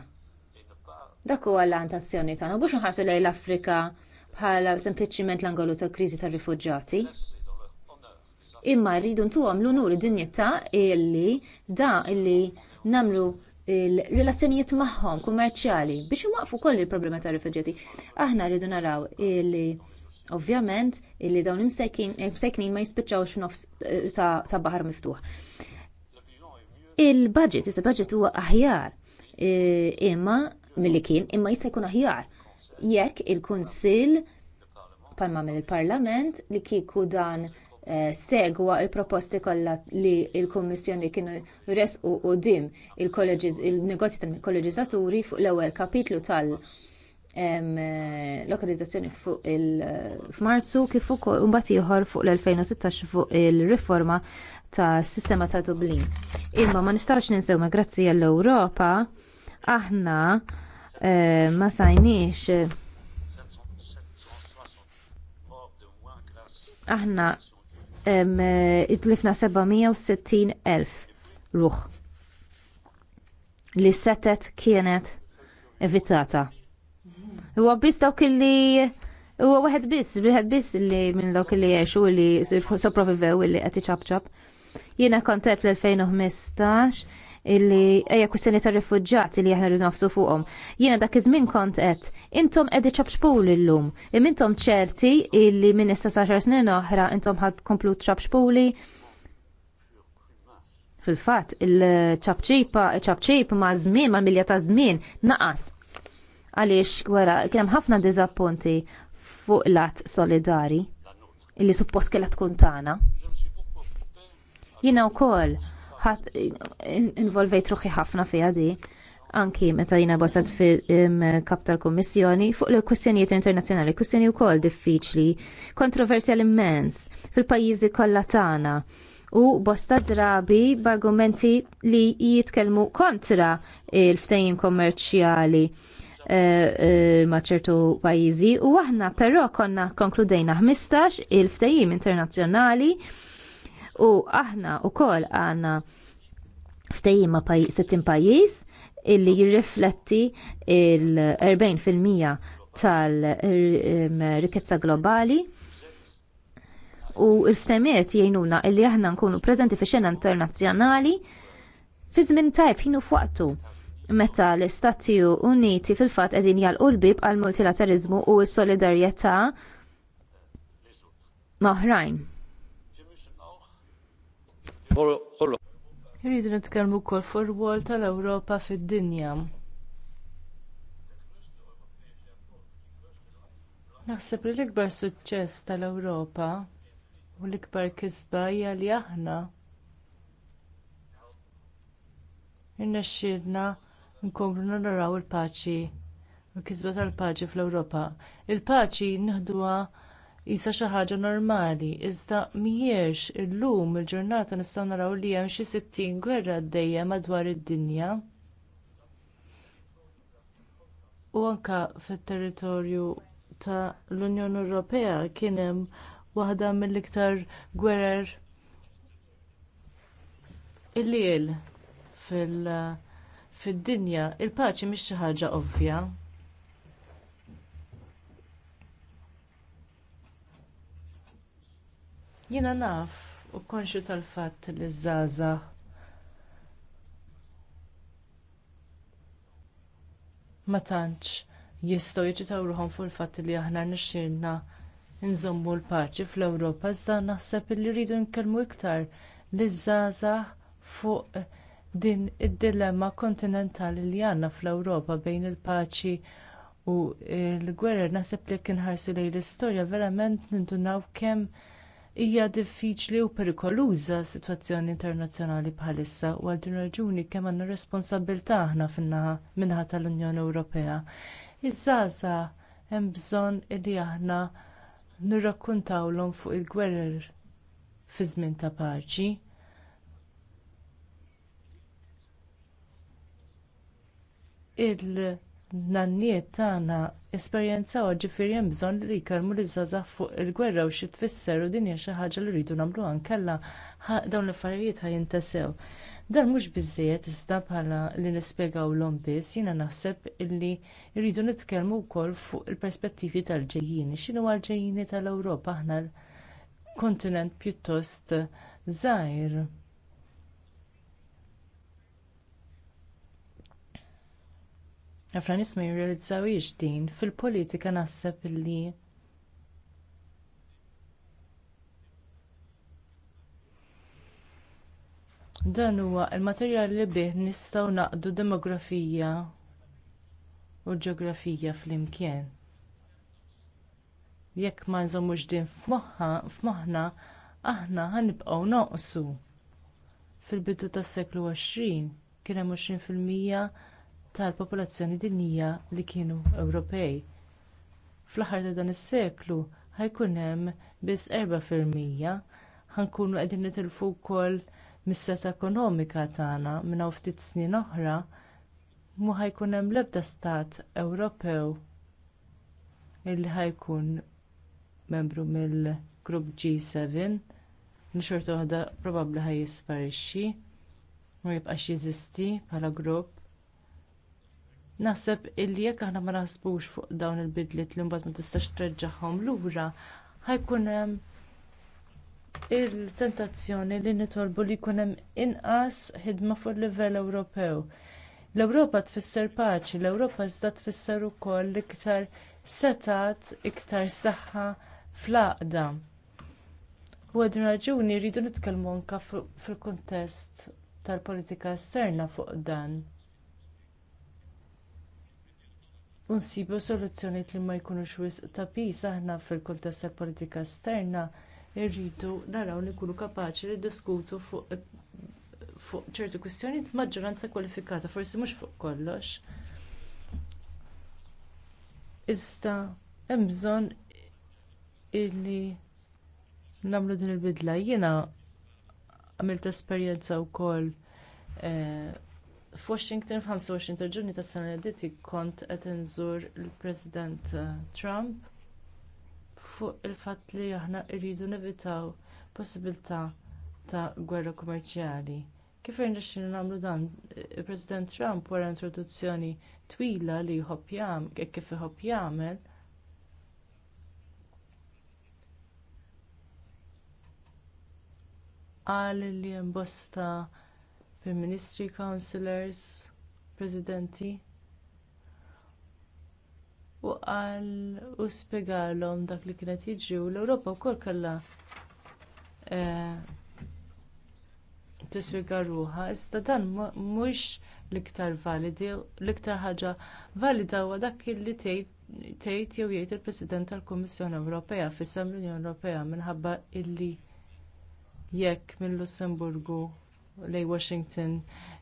Dak huwa l-antazzjoni tagħna, mhux nħarsu lejn l-Afrika bħala sempliċiment l-angolu tal-kriżi tar-rifuġġati imma rridu ntuhom l-unur id-dinjità illi da illi namlu il-relazzjonijiet magħhom kummerċjali biex iwaqfu koll il-problema ta' rifuġjati. Aħna rridu naraw illi ovvjament illi dawn imseknin ma jispiċċawx nofs eh, ta' baħar miftuħ. Il-budget, is budget huwa aħjar eh, imma milli kien imma jista' jkun aħjar jekk il-Kunsill palma mill-Parlament li kieku dan Eh, segwa l proposti kollha li l-Kummissjoni kienu resqu quddiem il-negozji tal-kolleġislaturi fuq l-ewwel kapitlu tal- eh, lokalizzazzjoni fuq il-Fmarzu eh, kif ukoll mbagħad ieħor fuq l-2016 fuq il-riforma tas sistema ta' Dublin. Imma ma nistgħux ninsew ma grazzi għall-Ewropa aħna ma sajniex aħna Eh, itlifna 760.000 ruħ li setet kienet evitata. Huwa biss dawk li huwa wieħed biss, wieħed biss li minn dawk li jgħixu li sopravivew li qed iċabċab. Jiena kontet fl-2015 illi ejja kwistjoni ta' rifugġati li aħna nafsu fuqhom. Jiena dak iż-żmien kont qed intom qed llum, illum. intom ċerti illi minn issa sa' xar snin oħra intom ħad komplu ċabxpuli. Fil-fatt il-ċabċipa ċabċip ma' żmien ma' milja ta' żmien naqas. Għaliex wara kien hemm ħafna diżappunti fuq lat solidari illi suppost kellha tkun tagħna. Jiena wkoll involvejt ruħi ħafna fiha di anki meta jina basat fil-kap tal-Kommissjoni fuq il-kwestjonijiet internazzjonali, kwestjoni wkoll diffiċli, kontroversjal immens fil-pajjiżi kollha tagħna u bosta drabi b'argumenti li jitkellmu kontra il-ftejjin kommerċjali e, eh, pajizi eh, ma' ċertu pajjiżi u aħna però konna konkludejna 15 il ftejim internazzjonali u aħna wkoll għandna ftejjima settim pajjiż illi jirrifletti il-40% tal-rikezza globali u l-ftemiet jgħinuna illi aħna nkunu preżenti fix xena internazzjonali fi żmien tajb ħinu meta l-Istati Uniti fil-fatt qegħdin jalqu l-bib għall multilaterizmu u s-solidarjetà maħrajn. Irridu nitkellmu wkoll fuq ir-rwol tal-Ewropa fid-dinja. Naħseb li l-ikbar suċċess tal-Ewropa u l-ikbar kisba hija li aħna irnexxielna nkomplu naraw il-paċi u l-kisba tal-paċi fl-Ewropa. Il-paċi nieħduha isa xi ħaġa normali, iżda mhijiex illum il-ġurnata nistgħu naraw li hemm xi sittin gwerra għaddejja madwar id-dinja. U anke fit-territorju tal unjoni Ewropea kien hemm waħda mill-iktar gwerer il fil-dinja. Il-paċi mhix xi ħaġa ovvja. Jiena naf u konxu tal-fatt li żaża ma tantx jistgħu jiġitaw ruħhom fuq il-fatt li aħna nixxielna nżommu l-paċi fl-Ewropa iżda naħseb li rridu nkellmu iktar li żgħażagħ fuq din id-dilemma kontinentali li għandna fl-Ewropa bejn il-paċi u l-gwerer naħseb li kien ħarsu lejn l-istorja verament nindunaw kemm hija diffiċli u perikoluża s-sitwazzjoni internazzjonali bħalissa u għal din raġuni kemm għandna responsabbiltà aħna fin-naħa min-naħa tal-Unjoni Ewropea. Iż-żgħażagħ hemm bżonn li aħna nirrakkuntawlhom fuq il-gwerer fi żmien ta' paċi. il nanniet tagħna esperjenzaw ġifieri hemm bżonn li jkellmu liż-żgħażagħ fuq il-gwerra u xi tfisser u din hija xi ħaġa li rridu nagħmluha inkella dawn l-affarijiet ħajintesew. Dan mhux biżżejjed iżda bħala li nispjegawlhom biss jiena naħseb illi rridu nitkellmu wkoll fuq il-perspettivi tal-ġejjieni. X'inhu għall-ġejjieni tal-Ewropa aħna kontinent pjuttost żgħir ħafna nies ma jirrealizzawhiex din fil-politika naħseb illi dan huwa l-materjal li bih nistgħu naqdu demografija u l-ġeografija flimkien jekk ma nżommux din f'moħħna aħna ħanibqgħu noqsu fil-bidu tas-seklu 20 kien hemm 20 fil-mija tal-popolazzjoni dinjija li kienu Ewropej. Fl-aħħar ta' dan is-seklu ħajkun hemm biss 4% ħankunu qegħdin nitilfu wkoll mis-seta ekonomika tagħna minn hawn ftit snin oħra mu ħajkun hemm l-ebda stat Ewropew illi ħajkun membru mill-grupp G7 xorta waħda probabbli jisparixxi u jibqax jeżisti bħala grupp naħseb illi jekk aħna ma naħsbux fuq dawn il-bidliet li mbagħad ma tistax treġġaħħom lura ħajkun hemm il-tentazzjoni li nitolbu li jkun hemm inqas ħidma fuq livell Ewropew. L-Ewropa tfisser paċi, l-Ewropa iżda tfisser ukoll iktar setat, iktar saħħa fl-għaqda. U għadin raġuni rridu nitkellmu anke fil-kuntest tal-politika esterna fuq dan. Unsibu soluzzjonijiet li ma jkunux wisq ta' piż aħna fil-kuntest tal-politika esterna rridu naraw li nkunu kapaċi niddiskutu fuq ċerti kwistjonijiet b'maġġoranza kwalifikata forsi mhux fuq kollox iżda hemm bżonn illi nagħmlu din il-bidla jiena għamilt esperjenza wkoll eh, f'Washington f'25 ta' Ġunju tas-sena li għaddiet kont qed inżur il-President eh, Trump fuq il-fatt li aħna rridu nevitaw possibilità ta' gwerra kummerċjali. Kif irnexxielu nagħmlu dan, il-President Trump wara introduzzjoni twila li jħobb jagħmel kif iħobb jagħmel qal li hemm prim ministri councillors presidenti u qal u spjegalhom dak li kienet jiġri u l-ewropa wkoll kellha eh, tispjega ruħha iżda dan mhux l-iktar validi l-iktar ħaġa valida huwa dak li tgħid jew jgħid il-President tal-Kummissjoni Ewropea f'isem l-Unjoni Ewropea minħabba illi jekk mill-Lussemburgu lej Washington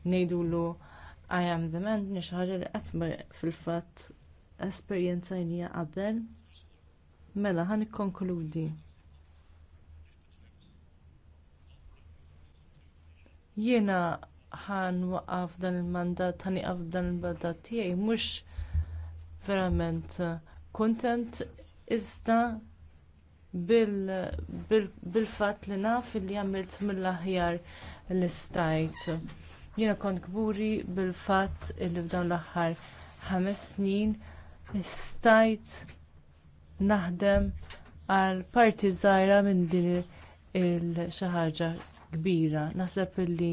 ngħidulu I am the man nix ħaġa li qatt fil-fatt esperjenzajnija qabel mela għan konkludi Jiena ħan waqaf dan il-mandat, ħan iqaf dan il-mandat tiegħi mhux verament kontent iżda bil-fatt bil, bil li naf li għamilt mill-aħjar l-istajt. Jiena kont kburi bil-fatt li f'dawn l-aħħar ħames snin stajt naħdem għal parti żgħira minn din il-xi ħaġa kbira. Naħseb illi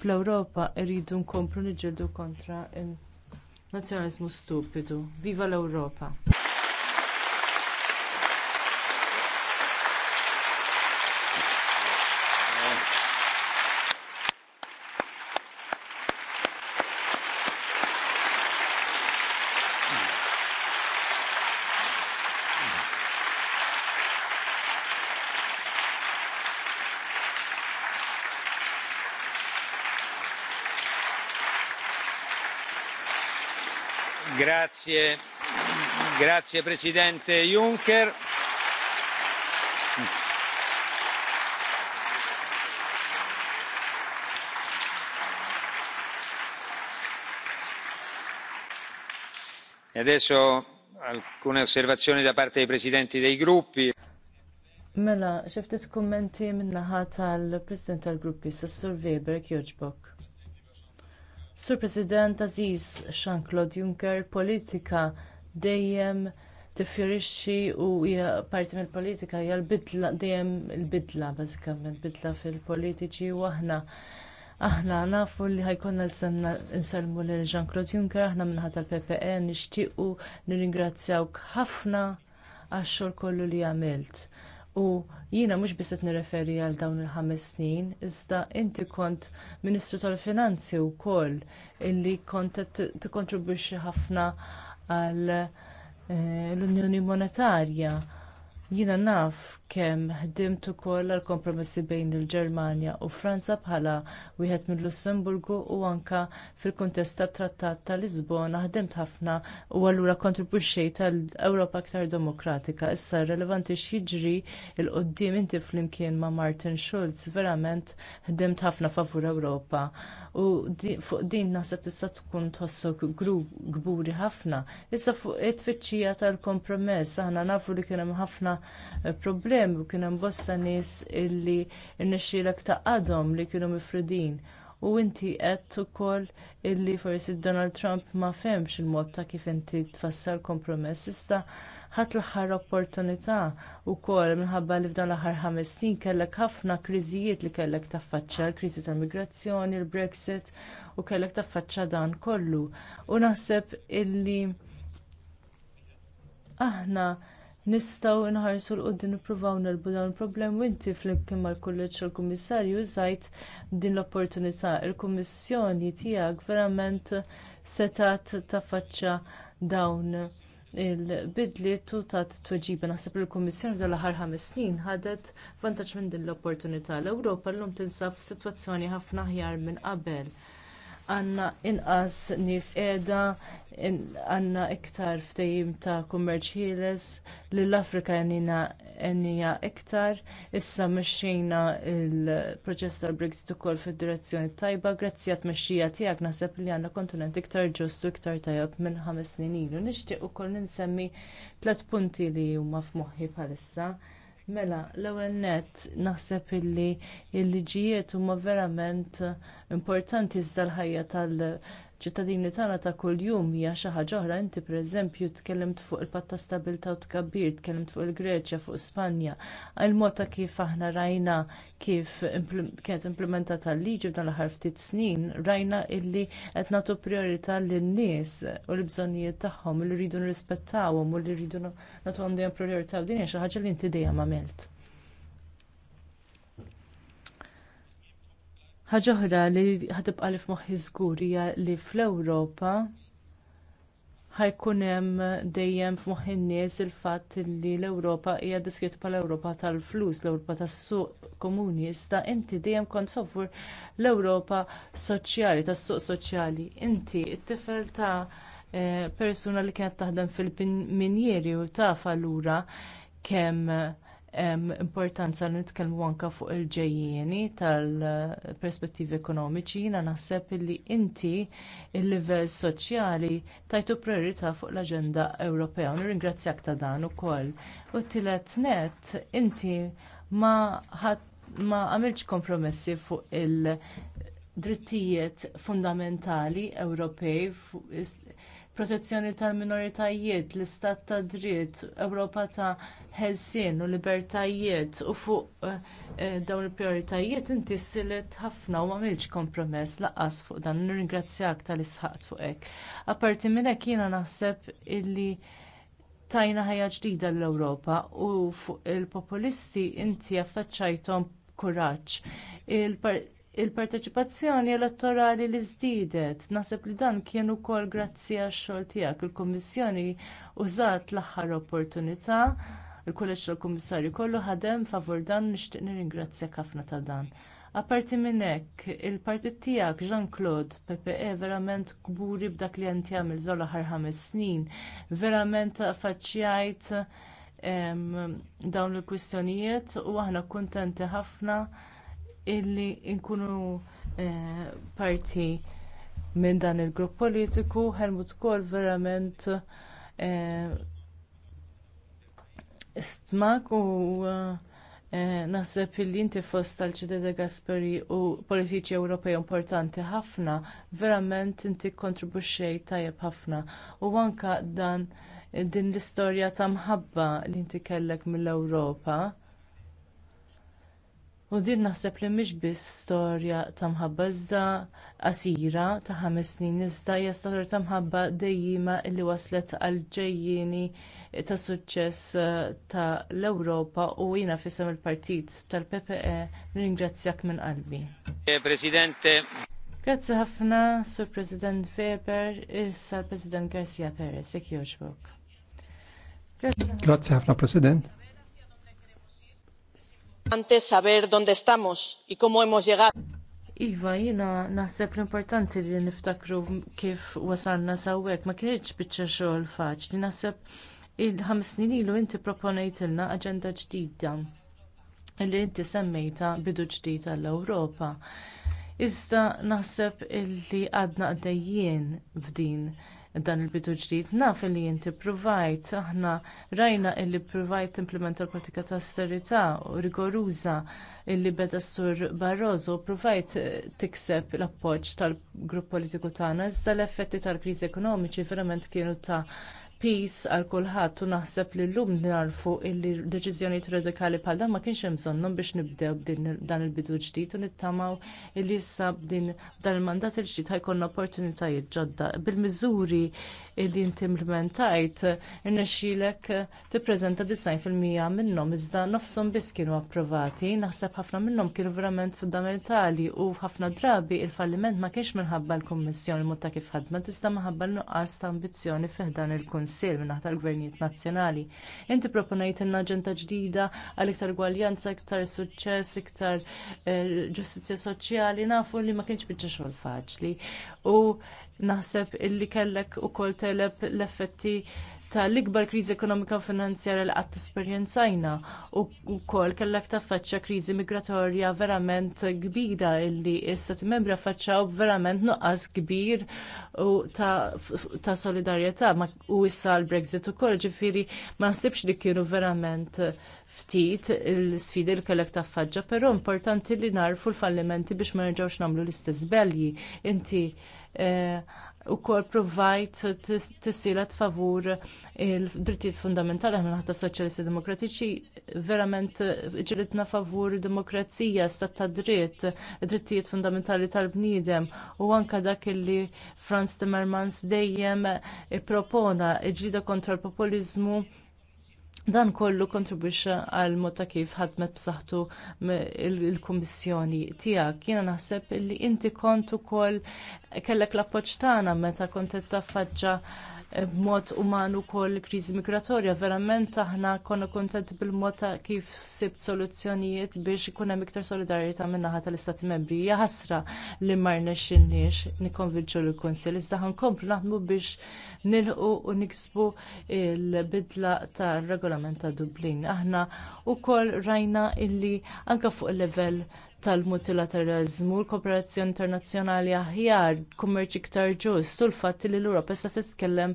fl-Ewropa rridu nkomplu niġġieldu kontra il-nazzjonaliżmu stupidu. Viva l-Ewropa! Grazie, grazie Presidente Juncker. E adesso alcune osservazioni da parte dei presidenti dei gruppi. Mela, xiftit kummenti minnaħa tal-President tal-Gruppi, Sassur Weber Kjoġbok. Sur President Aziz Jean-Claude Juncker, politika dejjem tiffjorixxi u hija parti mill-politika hija l-bidla dejjem il-bidla bażikament bidla fil-politiċi u aħna aħna nafu li ħajkonna nsellmu lil Jean-Claude Juncker, aħna minħat tal-PPE nixtiequ nirringrazzjawk ħafna għax-xogħol kollu li għamilt u jiena mhux biss qed nirreferi għal dawn il-ħames snin, iżda inti kont Ministru tal-Finanzi wkoll illi kont qed tikkontribwixxi ħafna għall eh, unjoni Monetarja Jiena naf kemm ħdimt ukoll għal kompromessi bejn il-Ġermanja u Franza bħala wieħed mill-Lussemburgu u anke fil-kuntest tat-Trattat ta' Lisbona ħdimt ħafna u allura kontribwixxejt għal Ewropa aktar demokratika. Issa relevanti x'jiġri il qoddim inti flimkien ma' Martin Schulz verament ħdimt ħafna favur Ewropa. U fuq din naħseb tista' tkun tħossok gburi ħafna. Issa fuq it-tfittxija tal-kompromess aħna nafu li kien hemm ħafna Eh, problemi u kien hemm bosta nies illi rnexxielek taqadhom li kienu mifrudin. U inti qed ukoll illi forsi Donald Trump ma femx il-mod ta' kif inti tfassal kompromess iżda ħadt l-aħħar opportunità wkoll minħabba li f'dan l-aħħar ħames snin kellek ħafna kriżijiet li kellek taffaċċja l-kriżi tal-migrazzjoni, il-Brexit u kellek taffaċċja dan kollu. U naħseb illi aħna nistgħu nħarsu l quddiem nippruvaw nelbu dawn il-problemi u inti flimkien mal-kulleġġ tal-kummissarju żgħid din l-opportunità il-kummissjoni tiegħek verament setgħet taffaċċja dawn il-bidliet u tat tweġiba naħseb li l-kummissjoni tal aħħar ħames snin ħadet vantaġġ minn din l-opportunità l-ewropa llum tinsab f'sitwazzjoni ħafna aħjar minn qabel għandna inqas nies qiegħda għandna iktar ftehim ta' kummerċ ħieles lill-Afrika għenija iktar issa mexxejna l proċess tal-Brexit ukoll fid-direzzjoni tajba grazzi għat mexxija tiegħek naħseb li għandna kontinent iktar ġustu iktar tajjeb minn ħames snin ilu. Nixtieq ukoll ninsemmi tliet punti li huma f'moħħi bħalissa. Mela, l-ewwel nett naħseb illi l-liġijiet huma verament importanti iżda l-ħajja tal- ċittadini tagħna ta' kuljum hija xi ħaġa oħra inti pereżempju tkellimt fuq il-patt ta' stabbiltà u tkabbir, tkellimt fuq il-Greċja, fuq Spanja, għal mod ta' kif aħna rajna kif kienet implementata l-liġi f'dan l-aħħar ftit snin, rajna illi qed nagħtu priorità lin-nies u l-bżonnijiet tagħhom li rridu nirrispettawhom u li rridu nagħtuhom dejjem priorità u din hija xi ħaġa li inti dejjem għamilt. Ħaġa oħra li ħatibqa' li f'moħħi żgur hija li fl-Ewropa ħajkun hemm dejjem f'moħħ in-nies il-fatt li l-Ewropa hija deskritta bħala Ewropa tal-flus, l-Ewropa tas-suq komuni, iżda inti dejjem kont favur l-Ewropa soċjali, tas-suq soċjali. Inti t-tifel ta' eh, persuna li kienet taħdem fil-minjeri u taf allura kemm importanza li nitkellmu anke fuq il-ġejjieni tal-perspettivi ekonomiċi jiena naħseb li inti il-livell soċjali tajtu priorità fuq l-aġenda Ewropea u nirringrazzjak ta' dan ukoll. U tielet nett inti ma għamilx kompromessi fuq il- drittijiet fundamentali Ewropej protezzjoni tal-minoritajiet, l-istat ta' dritt, Ewropa ta' ħelsien u libertajiet u fuq eh, eh, dawn il prijoritajiet inti silet ħafna u m'għamilx kompromess lanqas fuq dan nirringrazzjak tal-isħaq fuq hekk. Apparti minn hekk jiena naħseb illi tajna ħajja ġdida l-Ewropa u fuq il-populisti inti affaċċajthom kuraġġ il-parteċipazzjoni elettorali li żdiedet. Naħseb li dan kien ukoll grazzi għax-xogħol tiegħek. Il-Kummissjoni użat l-aħħar opportunità il-kulleġġ tal-Kummissarju kollu ħadem favur dan nixtieq nirringrazzjak ħafna ta' dan. Apparti minn hekk, il-partit tiegħek Jean-Claude PPE verament kburi b'dak li għanti għamil f'dawn aħħar ħames snin, verament faċċjajt dawn il-kwistjonijiet u aħna kuntenti ħafna illi nkunu eh, parti minn dan il-grupp politiku Helmut Kohl verament eh, stmak u eh, naħseb illi inti fost tal-ċide de Gasperi u politiċi Ewropej importanti ħafna, verament inti kontribuxxej tajjeb ħafna. U anke dan din l-istorja ta' mħabba li inti kellek mill-Ewropa U din naħseb li mhix biss storja ta' mħabba iżda qasira ta' ħames snin iżda hija storja ta' mħabba dejjima li waslet għal ġejjieni ta' suċċess eh, ta' l-Ewropa u jiena fisem il-partit tal-PPE nirringrazzjak minn qalbi. Eh, Presidente. Grazzi ħafna, Sur President Weber, issa l-President Garcia Perez, jekk jogħġbok. Grazzi ħafna, President saber estamos y cómo hemos llegado. Iva, jina naħseb l-importanti li niftakru kif wasalna sawwek, ma kienx biċċa xogħol faċli, naħseb il-ħames snin ilu inti ilna aġenda ġdida li inti semmejta bidu ġdid għall-Ewropa. Iżda naħseb illi għadna għaddejjien f'din dan il-bidu ġdid. Naf li inti provajt, aħna rajna illi provajt implementa l-politika ta' u rigoruża illi beda sur Barroso provajt eh, tikseb l-appoġġ tal-grupp politiku tagħna iżda l-effetti tal-kriżi ekonomiċi verament kienu ta' Peace għal kulħadd u naħseb li llum nafu illi deċiżjonijiet radikali bħal dan ma kienx hemm bżonnhom biex nibdew dan il-bidu ġdid u nittamaw illi issa din dan il-mandat il-ġdid ħajkollna opportunitajiet ġodda bil-miżuri illi inti implementajt irnexxielek tippreżenta dis-najfil-mija minnhom iżda nofshom biss kienu approvati. Naħseb ħafna minnhom kienu verament fundamentali u ħafna drabi l falliment ma kienx minħabba l-Kummissjoni mod ta' kif ħadmet iżda minħabba nuqqas ta' ambizzjoni fih dan il-Kunsill mingħata tal-Gvernijiet Nazzjonali. Inti proponejt aġenda ġdida għal iktar gwaljanza, iktar suċċess, iktar eh, ġustizzja soċjali, nafu li ma kienx biċċa xogħol faċli. U naħseb illi kellek ukoll teleb l-effetti ta l ikbar kriżi ekonomika u finanzjarja li qatt esperjenzajna u wkoll kellek taffaċċja kriżi migratorja verament kbira illi s-sat membri affaċċaw verament nuqqas kbir ta' solidarjetà u issa l-Brexit ukoll ġifieri ma nsibx li kienu verament ftit il sfidi li kellek taffaġġa, però importanti li narfu l-fallimenti biex ma nerġgħux nagħmlu l-istess belji. Inti Eh, ukoll provajt tissilet favur il-drittijiet fundamentali għan naħta soċjalisti demokratiċi verament ġilitna favur demokrazija, stat ta' dritt, drittijiet fundamentali tal-bniedem u anka dak li Franz Timmermans dejjem propona ġida kontra l-populizmu Dan kollu kontribwixxa għal mod ta' kif ħadmet b'saħħtu il-kummissjoni tiegħek. Jiena naħseb li inti kont ukoll kellek l-appoġġ tagħna meta kont qed taffaġġa b'mod uman ukoll il-kriżi migratorja. Verament aħna konna kuntenti bil-mod ta' kif sibt soluzzjonijiet biex ikun hemm iktar solidarjetà min-naħa tal-Istati Membri. Hija ħasra li ma rnexxinniex nikkonvinċu lill-Kunsill iżda ħankomplu naħdmu biex nilħu u niksbu l-bidla tar regolament ta' Dublin. Aħna wkoll rajna illi anke fuq il-livell tal-multilateraliżmu l-kooperazzjoni internazzjonali aħjar kummerċ iktar ġust u l-fatt li l-Ewropa se titkellem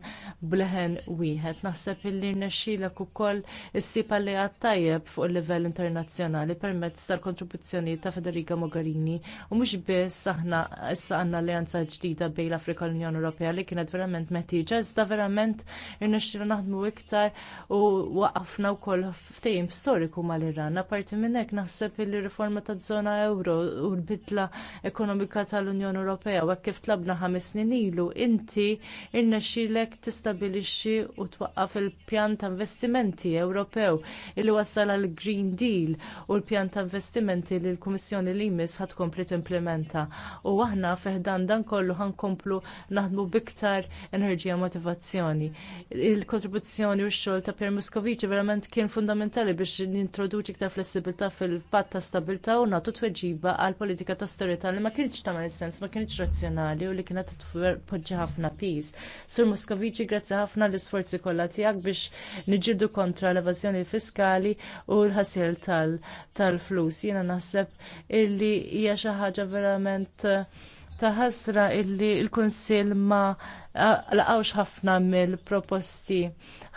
bleħen wieħed. Naħseb illi rnexxielek ukoll issib alleat tajjeb fuq il-livell internazzjonali permezz tal-kontribuzzjoni ta' Federica Mogherini u mhux biss aħna issa għandna alleanza ġdida bejn l-Afrika u l-Unjoni Ewropea li kienet verament meħtieġa iżda verament rnexxielu naħdmu iktar u waqafna wkoll ftehim storiku mal-Iran. Apparti minn hekk naħseb li riforma taż-żona euro u l-bidla ekonomika tal-Unjoni Ewropea u kif tlabna ħames snin ilu, inti irnexxielek tistabilixxi u twaqqaf il-pjan ta' investimenti Ewropew li wassal għal Green Deal u l-pjan ta' investimenti li l-Kummissjoni li jmiss ħad kompli timplementa. U aħna feħdan dan kollu ħankomplu naħdmu biktar enerġija motivazzjoni. Il-kontribuzzjoni u x-xogħol ta' Pier Muscovici verament kien fundamentali biex nintroduċi iktar flessibilità fil-patt ta' stabilità u nagħtu tweġiba għal politika ta' storita li ma kienx tagħmel sens, ma kienx razzjonali u li kienet tpoġġi ħafna pis. Sur Moskoviċi grazzi ħafna l-isforzi kollha tiegħek biex niġġieldu kontra l-evażjoni fiskali u l ħasil tal-flus. Jiena naħseb illi hija xi ħaġa verament uh, ta' ħasra illi l-Kunsill ma laqgħux ħafna mill-proposti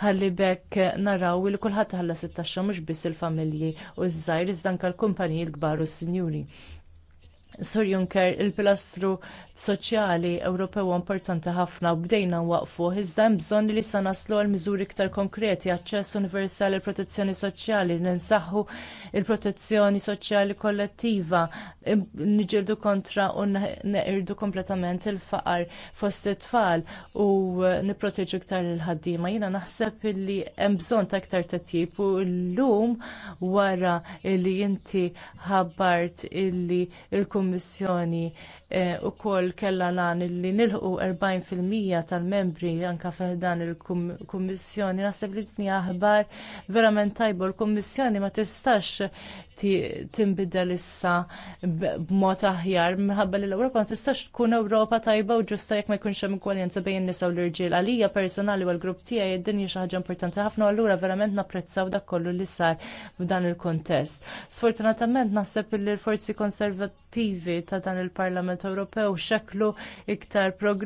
ħalli bekk naraw li kulħadd ħalla taxxa mhux biss il-familji u ż-żgħir iżda anke l-kumpaniji l-kbar u s-sinjuri. Sur Juncker, il-pilastru soċjali Ewropew importanti ħafna u bdejna waqfu iżda hemm bżonn li sa naslu għal miżuri iktar konkreti aċċess universali l protezzjoni soċjali li nsaħħu l protezzjoni soċjali kollettiva niġildu kontra u neqirdu kompletament il-faqar fost it-tfal u nipproteġu iktar il-ħaddiema. Jiena naħseb li hemm bżonn ta' iktar tatjib u llum wara li inti ħabbart illi l-Kummissjoni il Eh, u kol kella lan li nilħu 40% tal-membri anka f'dan il-kummissjoni. Naħseb li dinja aħbar verament tajbu l-kummissjoni ma tistax tinbidel issa b'mod aħjar minħabba li l-Ewropa ma tistax tkun Ewropa tajba u ġusta jekk ma jkunx hemm ikwaljanza bejn nisa u l-irġiel. Għalija personali u l-grupp tiegħi id-dinja xi ħaġa importanti ħafna u allura verament napprezzaw dak kollu li sar f'dan il kuntest Sfortunatament naħseb li l-forzi konservattivi ta' dan il-Parlament Ewropew xeklu iktar progress